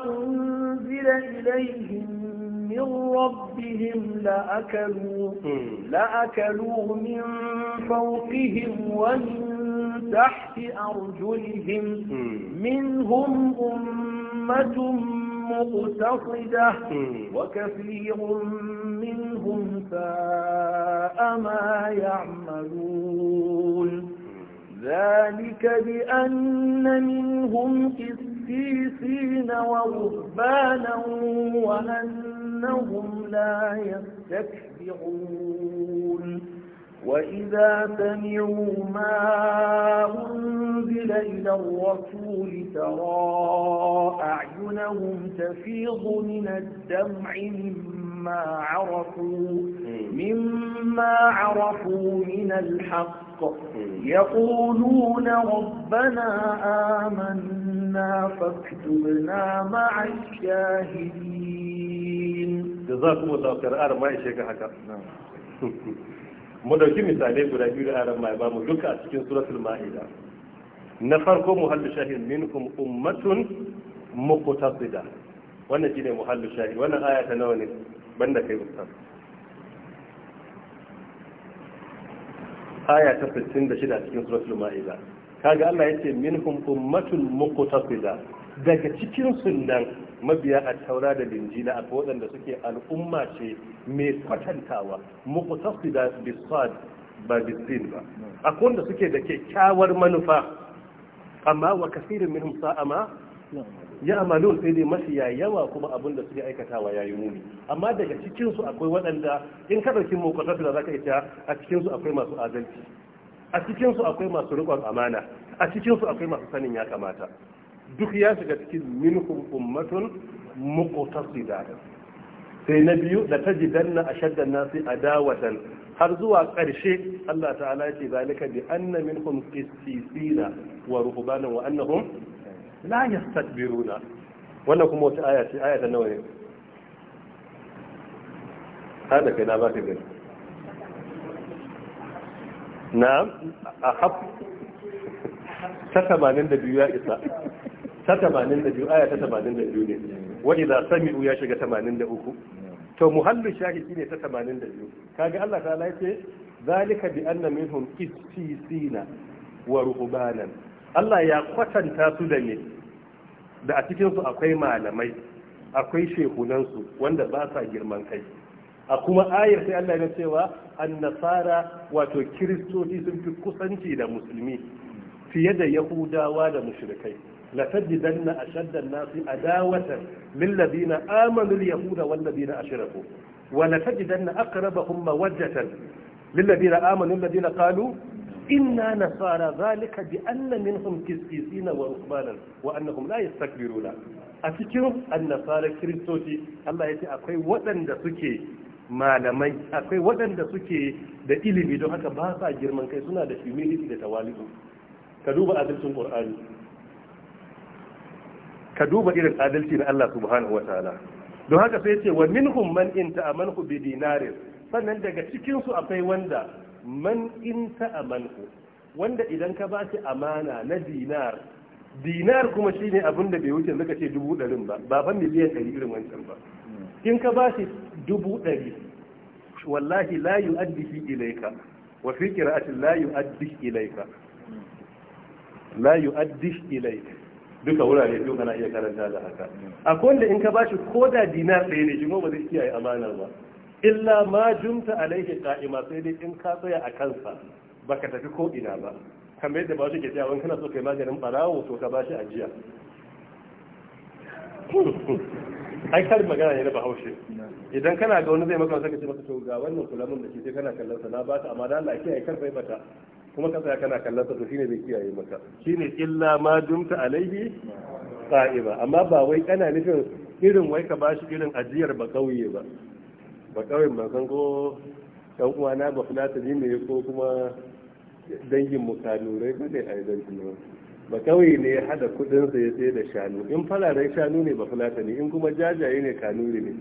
أنزل إليهم من ربهم لأكلوا, لأكلوا من فوقهم ومن تحت أرجلهم منهم أمة مقتصدة وكثير منهم ساء ما يعملون ذلك بأن منهم قسيسين ورهبانا وأن إنهم لا يستكبرون وإذا سمعوا ما أنزل إلى الرسول ترى أعينهم تفيض من الدمع مما عرفوا مما عرفوا من الحق يقولون ربنا آمنا فاكتبنا مع الشاهدين da za kuma saukar ara ma ishe ga haka mu dauki misalai guda biyu da ara ma ba mu duka a cikin suratul ma'ida na farko muhallu shahid minkum ummatun muqtasida wannan shine muhallu shahid wannan aya ta nawa ne banda kai ustaz aya ta 66 cikin suratul ma'ida kaga Allah yace minhum ummatun muqtasida daga cikin sunan. mabiya a taura da linjila a waɗanda suke al'umma ce mai kwatantawa muqtasida da bisad ba bisin ba akwai wanda suke da kyakkyawar manufa amma wa kasirin minhum sa'a ma ya amalun sai dai ya yawa kuma abin da suke aikatawa yayi muni amma daga cikin su akwai waɗanda in ka da za ka ita a cikin su akwai masu adalci a cikin su akwai masu riƙon amana a cikin su akwai masu sanin ya kamata duk ya shiga cikin minhum ummatun muqtasida sai na biyu da tajidanna ashaddan nasi adawatan har zuwa ƙarshe Allah ta'ala ya ce zalika bi anna minhum qissisina wa ruhbanan wa annahum la yastakbiruna wannan kuma wata aya ce aya ta nawa ne hada kai na ba ka gani na a haf ta 82 ya isa ta 82 aya ta 82 ne wa idza sami'u ya shiga uku. to muhallu shahi shine ta 82 kaga Allah ta'ala yace zalika bi anna minhum qissina wa ruhbanan Allah ya kwatanta su da ne da a cikin su akwai malamai akwai shehunan su wanda ba sa girman kai a kuma ayar sai Allah ya cewa annasara wato kiristoci sun fi kusanci da musulmi fiye da yahudawa da mushrikai لتجدن أشد الناس أداوة للذين آمنوا اليهود والذين أشركوا ولتجدن أقربهم موجة للذين آمنوا الذين قالوا إنا نصارى ذلك بأن منهم كسكيسين ورهبانا وأنهم لا يستكبرون أفكرهم النصارى كريستوتي الله يتي أقوي وطن دسكي malamai akwai waɗanda suke da ilimi don haka ba sa girman kai suna da humility da tawali'u ka duba adalcin qur'ani ka duba irin adalci na Allah subhanahu wa ta'ala don haka sai ce wa minhum man in ta'amanu bi dinarin sannan daga cikin su akwai wanda man in ta'amanu wanda idan ka ba shi amana na dinar dinar kuma shine abin da bai wuce zaka ce dubu ɗarin ba ba ban miliyan ɗari irin wancan ba in ka ba shi dubu ɗari wallahi la yu'addihi ilayka wa fi qira'atin la yu'addi ilayka la yu'addi ilayka duka wurare biyu kana iya karanta da haka akwai wanda in ka bashi ko da dina ɗaya ne jimo ba zai kiyaye amana ba illa ma jumta alaihi qa'ima sai dai in ka tsaya a kansa baka tafi ko ina ba kamar yadda ba shi ke cewa kana so kai maganin barawo to ka bashi ajiya ai kar magana ne na bahaushe idan kana ga wani zai maka saka ce maka to ga wannan kulamin da ke sai kana kallon sa na ba ta amma da Allah kiyaye kar bai bata kuma ka tsaya kana kallon sa to shine zai kiyaye maka shine illa ma dumta alaihi qa'ima amma ba wai kana nufin irin wai ka bashi irin ajiyar ba kauye ba ba kauyen ba san ko dan na ba ta ne ko kuma dangin mu kanurai ba ne a yanzu ba kauye ne ya hada kudin sa ya sayar da shanu in fararen shanu ne ba ne in kuma jajaye ne kanuri ne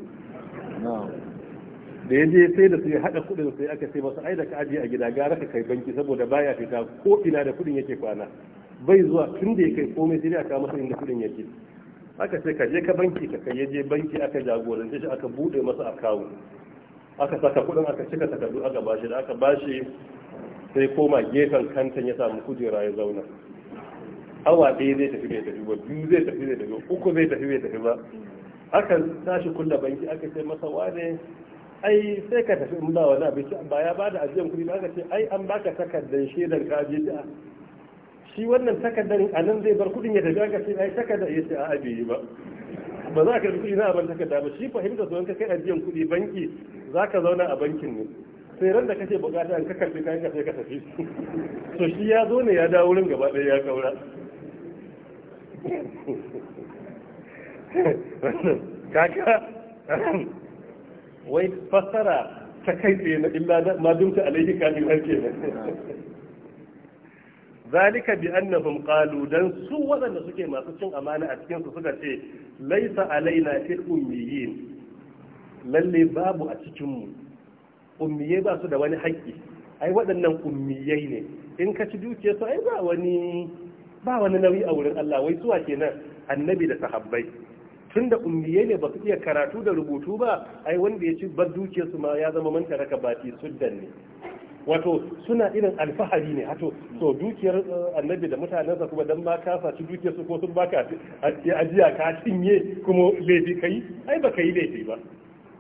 da ya je sai da su ya haɗa kuɗin sai aka sai masa ai da ka ajiye a gida gara ka kai banki saboda baya fita ko ina da kuɗin yake kwana bai zuwa tun da ya kai komai sai ya kama masa inda kuɗin yake aka sai ka je ka banki ka kai ya je banki aka jagorance shi aka buɗe masa akawu aka saka kuɗin aka cika takardu aka bashi da aka bashi sai koma gefen kantan ya samu kujera ya zauna awa ɗaya zai tafi bai tafi ba biyu zai tafi bai tafi uku zai tafi bai tafi ba aka tashi kulla banki aka ce masa wane ai sai ka tafi in ba wani abinci ba ya ba da ajiyar kuɗi ba ka ce ai an baka takardar shaidar kaji da shi wannan takardar a nan zai bar kuɗin ya tafi ka ce ai takardar ya ce a abiyi ba ba za ka kuɗi na abin takarda ba shi fahimta su ka kai ajiyar kuɗi banki za ka zauna a bankin ne sai ran da kake bukata an ka karɓi kayan ka sai ka tafi to shi ya zo ne ya dawo wurin gaba ɗaya ya kaura kaka wai fasara ta kai tsaye na illa ma dumta alaihi kamin har kenan zalika bi annahum qalu dan su waɗanda suke masu cin amana a cikin su suka ce laisa alaina fil ummiyin lalle babu a cikin mu ba su da wani haƙƙi ai waɗannan ummiyai ne in ka ci duke su ai ba wani wani nauyi a wurin Allah wai suwa kenan annabi da sahabbai tun da ummiyai ne ba su iya karatu da rubutu ba ai wanda ya ci bar dukiyarsu ma ya zama manta raka bati suddan ne wato suna irin alfahari ne hato to dukiyar eh, annabi da mutanensa kuma dan ba ka saci dukiyar su ko sun baka ajiya ka cinye kuma laifi kai ai ba yi laifi ba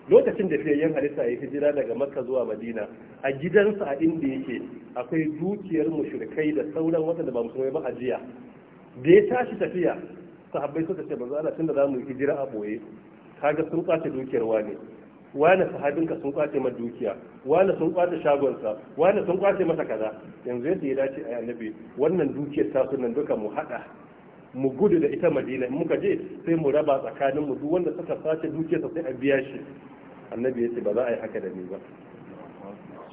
lokacin da fiyayyen halitta ya hijira daga makka zuwa madina a gidansa a inda yake akwai dukiyar mushrikai da sauran wanda ba musulmai ba ajiya da ya tashi tafiya sahabbai suka ce manzo Allah tunda zamu hijira a boye kaga sun kwace dukiyar wane wane sahabinka sun kwace ma dukiya wane sun kwace shagonsa wane sun kwace masa kaza yanzu yadda ya dace a annabi wannan dukiyar ta sunan duka mu hada mu gudu da ita madina in muka je sai mu raba tsakanin mu duk wanda suka sace dukiyarsa sai a biya shi annabi ya ce ba za a yi haka da ni ba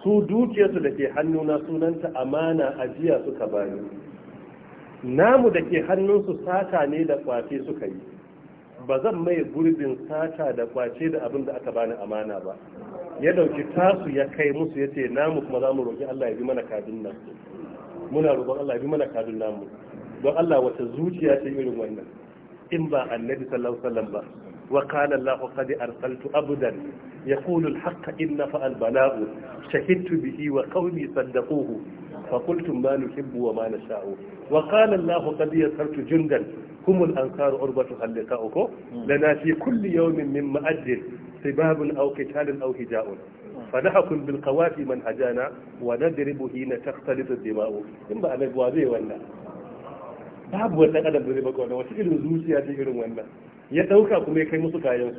su dukiyarsu da ke hannuna sunanta amana ajiya suka bani namu da ke hannunsu sata ne da kwace suka yi ba zan mai gurbin sata da kwace da abin da aka bani amana ba ya dauki tasu ya kai musu ya ce namu kuma za mu roƙi Allah ya bi mana kadin nan muna roƙon Allah ya bi mana kadun namu don Allah wata zuciya ce irin wannan in ba annabi sallallahu alaihi ba wa qala Allah qad arsaltu abdan yaqulu al-haqq inna fa al-bala'u shahidtu bihi wa qawmi saddaquhu fa qultum wa qala Allahu qad yasartu jundan humul ansaru urbatu hallika uko lana fi kulli yawmin min ma'ajil sibabun aw qitalun aw hija'un فنحكم بالقوافي من هجانا ونضرب حين تختلط الدماء in ba alai wa zai babu wata adam da zai baka wannan wata irin zuciya ce irin wannan ya dauka kuma ya kai musu kayan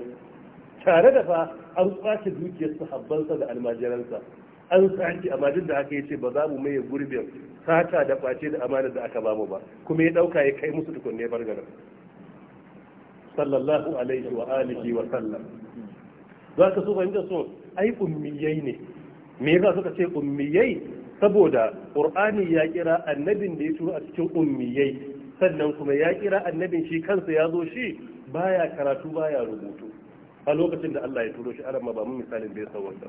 tare da fa an kwace dukiyar sahabbansa da almajiransa an saki amma duk da haka ce ba za mu maye gurbin sata da kwace da amanar da aka bamu ba kuma ya ɗauka ya kai musu tukunne bargara sallallahu alaihi wa alihi wa sallam za ka so fahimta so ai ummiyai ne me yasa suka ce ummiyai saboda qur'ani ya kira annabin da ya turo a cikin ummiyai sannan kuma ya kira annabin shi kansa ya zo shi baya karatu baya rubutu a lokacin da Allah ya turo shi alamma ba mu misalin da ya sauwanta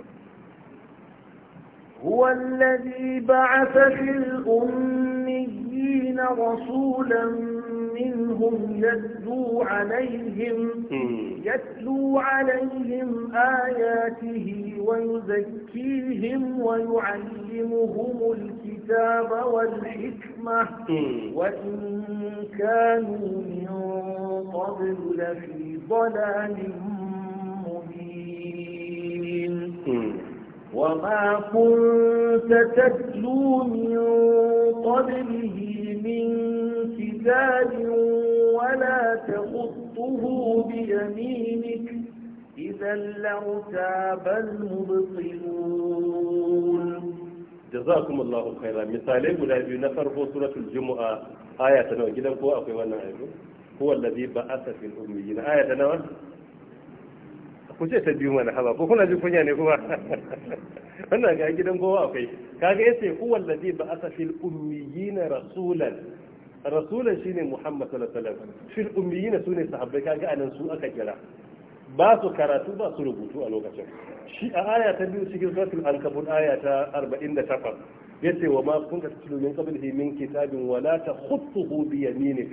هو الذي بعث في الأميين رسولا منهم يتلو عليهم يتلو عليهم آياته ويزكيهم ويعلمهم الكتاب والحكمة وإن كانوا من قبل لفي ضلال مبين وما كنت تتلو من قبله من كتاب ولا تخطه بيمينك إذا لو تاب المبطلون جزاكم الله خيرا مثال يقول هذه نفر هو سورة الجمعة آية نوع جدا هو الذي بعث في الأميين آية نوع ku ce ta biyu mana haba ko kuna jin kunya ne kuma wannan ga gidan kowa akwai kaga yace huwa allazi ba'atha fil ummiyina rasulan rasulan shine muhammad sallallahu alaihi wasallam fil ummiyina sune sahabbai kaga anan su aka kira ba su karatu ba su rubutu a lokacin shi a aya ta biyu cikin suratul ankabut aya ta 48 yace wa ma kunta tatlu min qablihi min kitabin wala takhutuhu bi yaminik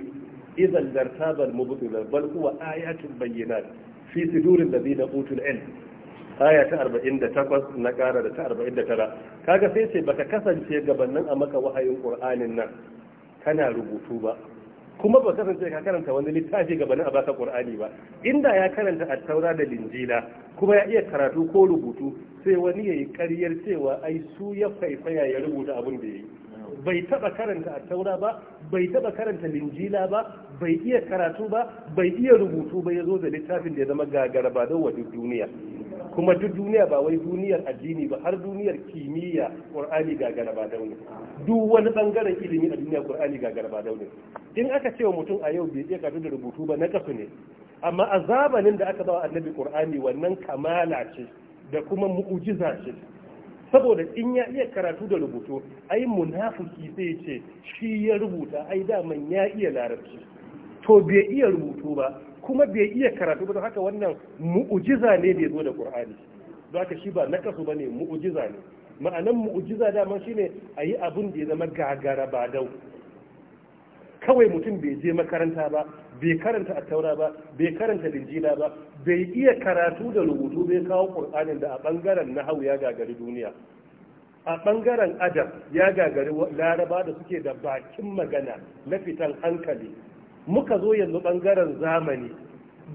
idan dartaba al-mubtilun bal huwa ayatun bayyinat fi sidurin da zina utul ilm aya ta 48 na kara da ta 49 kaga sai ce baka kasance gabanin a maka wahayin qur'anin nan kana rubutu ba kuma ba kasance ka karanta wani littafi gabanin a baka qur'ani ba inda ya karanta a taura da linjila kuma ya iya karatu ko rubutu sai wani yayi ƙaryar cewa ai su ya faifaya ya rubuta abin da yayi bai taba karanta taura ba bai taba karanta linjila ba bai iya karatu ba bai iya rubutu ba ya zo da littafin da ya zama gagara ba don duniya kuma duk duniya ba wai duniyar addini ba har duniyar kimiyya qur'ani ga da daune duk wani bangaren ilimi a duniya qur'ani ga da daune in aka ce wa mutum a yau bai iya karatu da rubutu ba na kasu ne amma a zamanin da aka ba annabi qur'ani wannan kamala ce da kuma mu'ujiza ce saboda in ya iya karatu da rubutu ai munafiki sai ce shi ya rubuta ai daman ya iya larabci to bai iya rubutu ba kuma bai iya karatu ba don haka wannan mu'ujiza ne bai zo da qur'ani don haka shi ba nakasu bane mu'ujiza ne ma'anan mu'ujiza dama shine ayi abun da ya zama gagara ba dau kawai mutum bai je makaranta ba bai karanta taura ba bai karanta dinjila ba bai iya karatu da rubutu bai kawo qur'anin da a na hau ya gagari duniya a bangaren adam ya gagari laraba da suke da bakin magana na fitan hankali muka zo yanzu bangaren zamani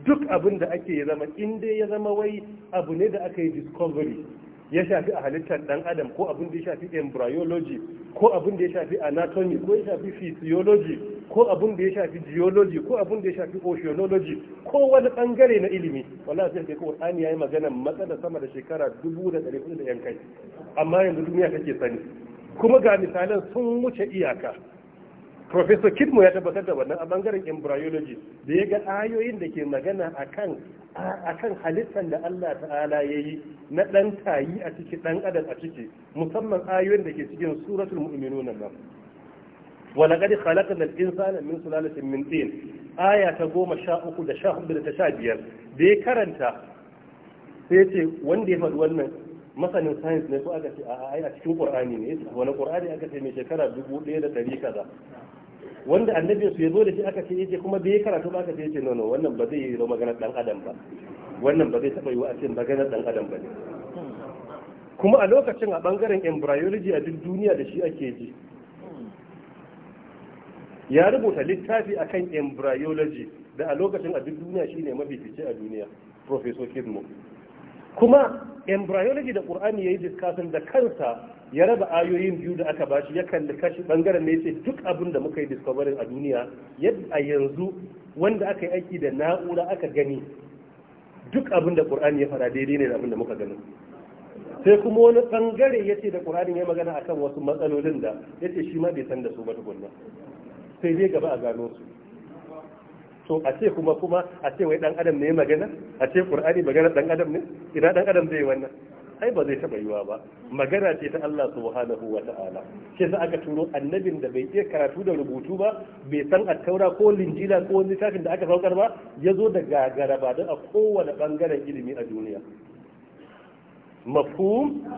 duk abin da ake zama Inda ya zama wai abu ne da aka yi discovery ya shafi a halittar dan adam ko abin da ya shafi embryology ko abin da ya shafi anatomy ko ya shafi physiology ko abin da ya shafi geology ko abin da ya shafi oceanology ko wani bangare na ilimi wallahi sai kai ya yi magana matsala sama da shekara 1400 da yankai kai amma yanzu duniya kake sani kuma ga misalan sun wuce iyaka Professor Kidmo ya tabbatar da wannan a bangaren embryology da ya ga ayoyin da ke magana akan akan halittar da Allah ta'ala ya yi na ɗan tayi a ciki ɗan adam a ciki musamman ayoyin da ke cikin suratul mu'minun nan wala qad khalaqna al-insana min sulalatin min tin aya ta goma sha uku da sha hudu da ta sha biyar da ya karanta sai ce wanda ya faɗi wannan masanin science ne ko aka ce a a cikin qur'ani ne wani qur'ani aka ce mai shekara dubu ɗaya da ɗari kaza wanda annabi su ya zo da shi aka ce yace kuma bai karatu ba aka ce yace nono wannan ba zai yi maganar dan adam ba wannan ba zai taba yi wa a maganar dan adam ba ne kuma a lokacin a bangaren embryology a duk duniya da shi ake ji ya rubuta littafi akan embryology da a lokacin a duk duniya shine mafi fice a duniya professor Kidmo kuma embryology da Qur'ani yayi discussion da kansa ya raba ayoyin biyu da aka bashi ya kalli kashi bangaren ne ce duk abin da muka yi discovering a duniya yadda a yanzu wanda aka yi aiki da na'ura aka gani duk abin da qur'ani ya fara daidai ne da abin da muka gani sai kuma wani bangare ya ce da qur'ani ya magana akan wasu matsalolin da ya ce shi ma bai san da su ba tukunna sai dai gaba a gano su to a ce kuma kuma a ce wai dan adam ne magana a ce qur'ani magana dan adam ne ina dan adam zai yi wannan ai ba zai taba yiwa ba magana ce ta Allah subhanahu wa ta'ala shi yasa aka turo annabin da bai iya karatu da rubutu ba bai san attaura ko linjila ko wani tafin da aka saukar ba ya zo da gagara ba don a kowane bangaren ilimi a duniya mafhum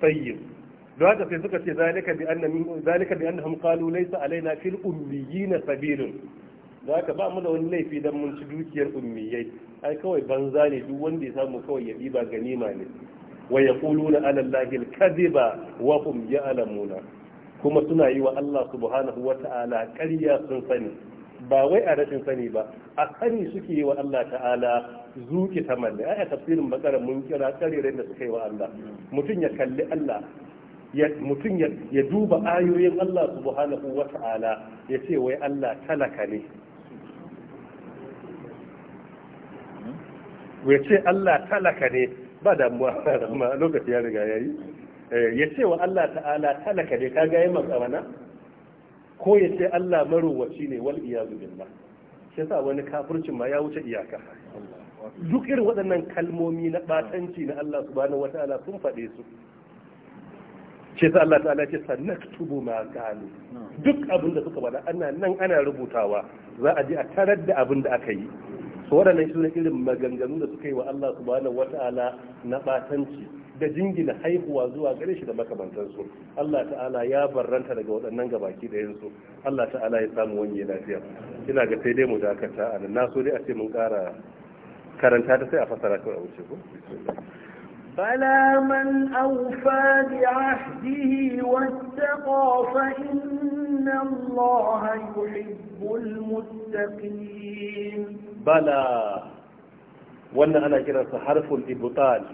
tayyib don haka sai suka ce zalika bi annahum zalika bi annahum qalu laysa alaina fil ummiyina sabilun da haka ba mu da wani laifi dan mun ci dukiyar ummiyai ai kawai banza ne duk wanda ya samu kawai ya ba ganima ne wa yaquluna ala allahi al-kadhiba wa hum ya'lamuna kuma suna yi wa Allah subhanahu wa ta'ala ƙarya sun sani ba wai a rashin sani ba a sani suke yi wa Allah ta'ala zuki ta malli ai a tafsirin bakara mun kira ƙarirai da suka yi wa Allah mutum ya kalli Allah mutum ya duba ayoyin Allah subhanahu wa ta'ala ya ce wai Allah talaka ne ya ce Allah talaka ne ba damuwa amma lokaci ya riga yayi eh, ya ce wa Allah ta'ala talaka dai kaga yayi makamana ko ya ce Allah maruwaci ne wal iyazu billah shi sa wani kafircin ma ya wuce iyaka duk irin waɗannan kalmomi na batanci na Allah subhanahu wataala sun faɗe su ce sa Allah ta'ala ce sa ma kanu duk abin da suka bada ana nan ana rubutawa za a je a tarar da abin da aka yi to waɗannan su irin maganganu da suka yi wa Allah subhanahu wata'ala na batanci da jingina haihuwa zuwa gare shi da makamantansu Allah ta'ala ya barranta daga waɗannan gabaki da yanzu Allah ta'ala ya samu wani lafiya ina ga sai dai mu dakata a nan na so dai a ce mun ƙara karanta ta sai a fasara kawai a wuce ko بلى من أوفى بعهده واتقى فإن الله يحب المتقين بلى wannan ana kiransa harful ibtal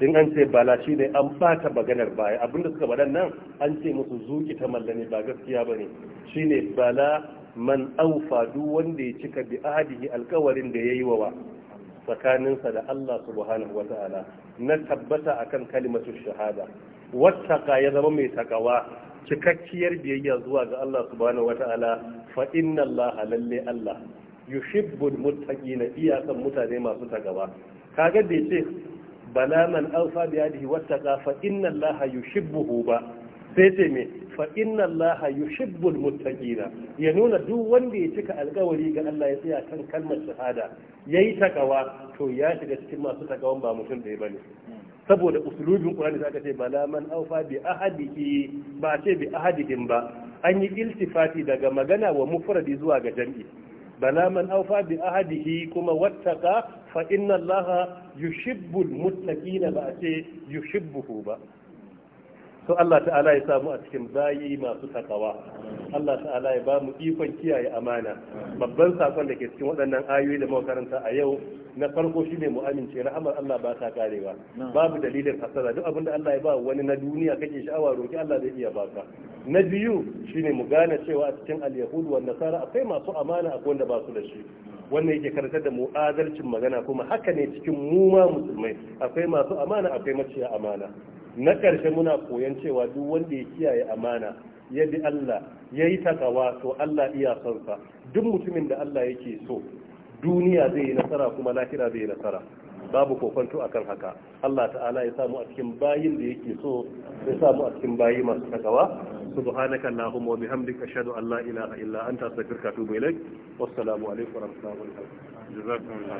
din an ce bala shine an bata maganar baya abinda suka faɗa nan an ce musu zuki ta mallane ba gaskiya bane shine bala man aufa duk wanda ya cika bi ahdihi alkawarin da yayi wa tsakaninsa da Allah subhanahu wa ta'ala na tabbata akan kalimatu shahada wattaka ya zama mai takawa cikakkiyar biyayya zuwa ga Allah subhanahu wa ta'ala fa inna Allah lalle Allah yuhibbul muttaqina iyakan mutane masu takawa kaga da yace bala man alfa bi hadhihi wattaqa fa inna Allah yuhibbuhu ba sai ce me fa inna allaha yuhibbul muttaqina ya nuna duk wanda ya cika alkawari ga Allah ya tsaya kan kalmar shahada yayi takawa to ya shiga cikin masu takawan ba mutum da ya bane saboda usulubin Qur'ani zaka ce bala man aufa bi ahadihi ba ce bi ahadihim ba an yi iltifati daga magana wa mufradi zuwa ga jam'i bala man aufa bi ahadihi kuma wattaka fa inna allaha yushibbul muttaqina ba ce yushibbuhu ba to Allah ta'ala ya samu a cikin bayi masu takawa Allah ta'ala ya ba mu ikon kiyaye amana babban sakon da ke cikin waɗannan ayoyi da muka karanta a yau na farko shine mu amince rahmar Allah ba ta karewa babu dalilin hasara duk abinda Allah ya ba wani na duniya kake sha'awa roki Allah zai iya baka na biyu shine mu gane cewa a cikin al-yahud wa nasara akwai masu amana akwai wanda ba su da shi wannan yake karantar da mu adalcin magana kuma haka ne cikin mu ma musulmai akwai masu amana akwai maciya amana na ƙarshe muna koyan cewa duk wanda ya kiyaye amana ya bi Allah ya yi takawa to Allah iya son duk mutumin da Allah yake so duniya zai yi nasara kuma lahira zai yi nasara babu kokonto akan haka Allah ta'ala ya samu a cikin bayin da yake so ya samu a cikin bayi masu takawa subhanaka allahumma wa bihamdika ashhadu an la ilaha illa anta astaghfiruka wa atubu ilaik wassalamu alaikum wa rahmatullahi wa barakatuh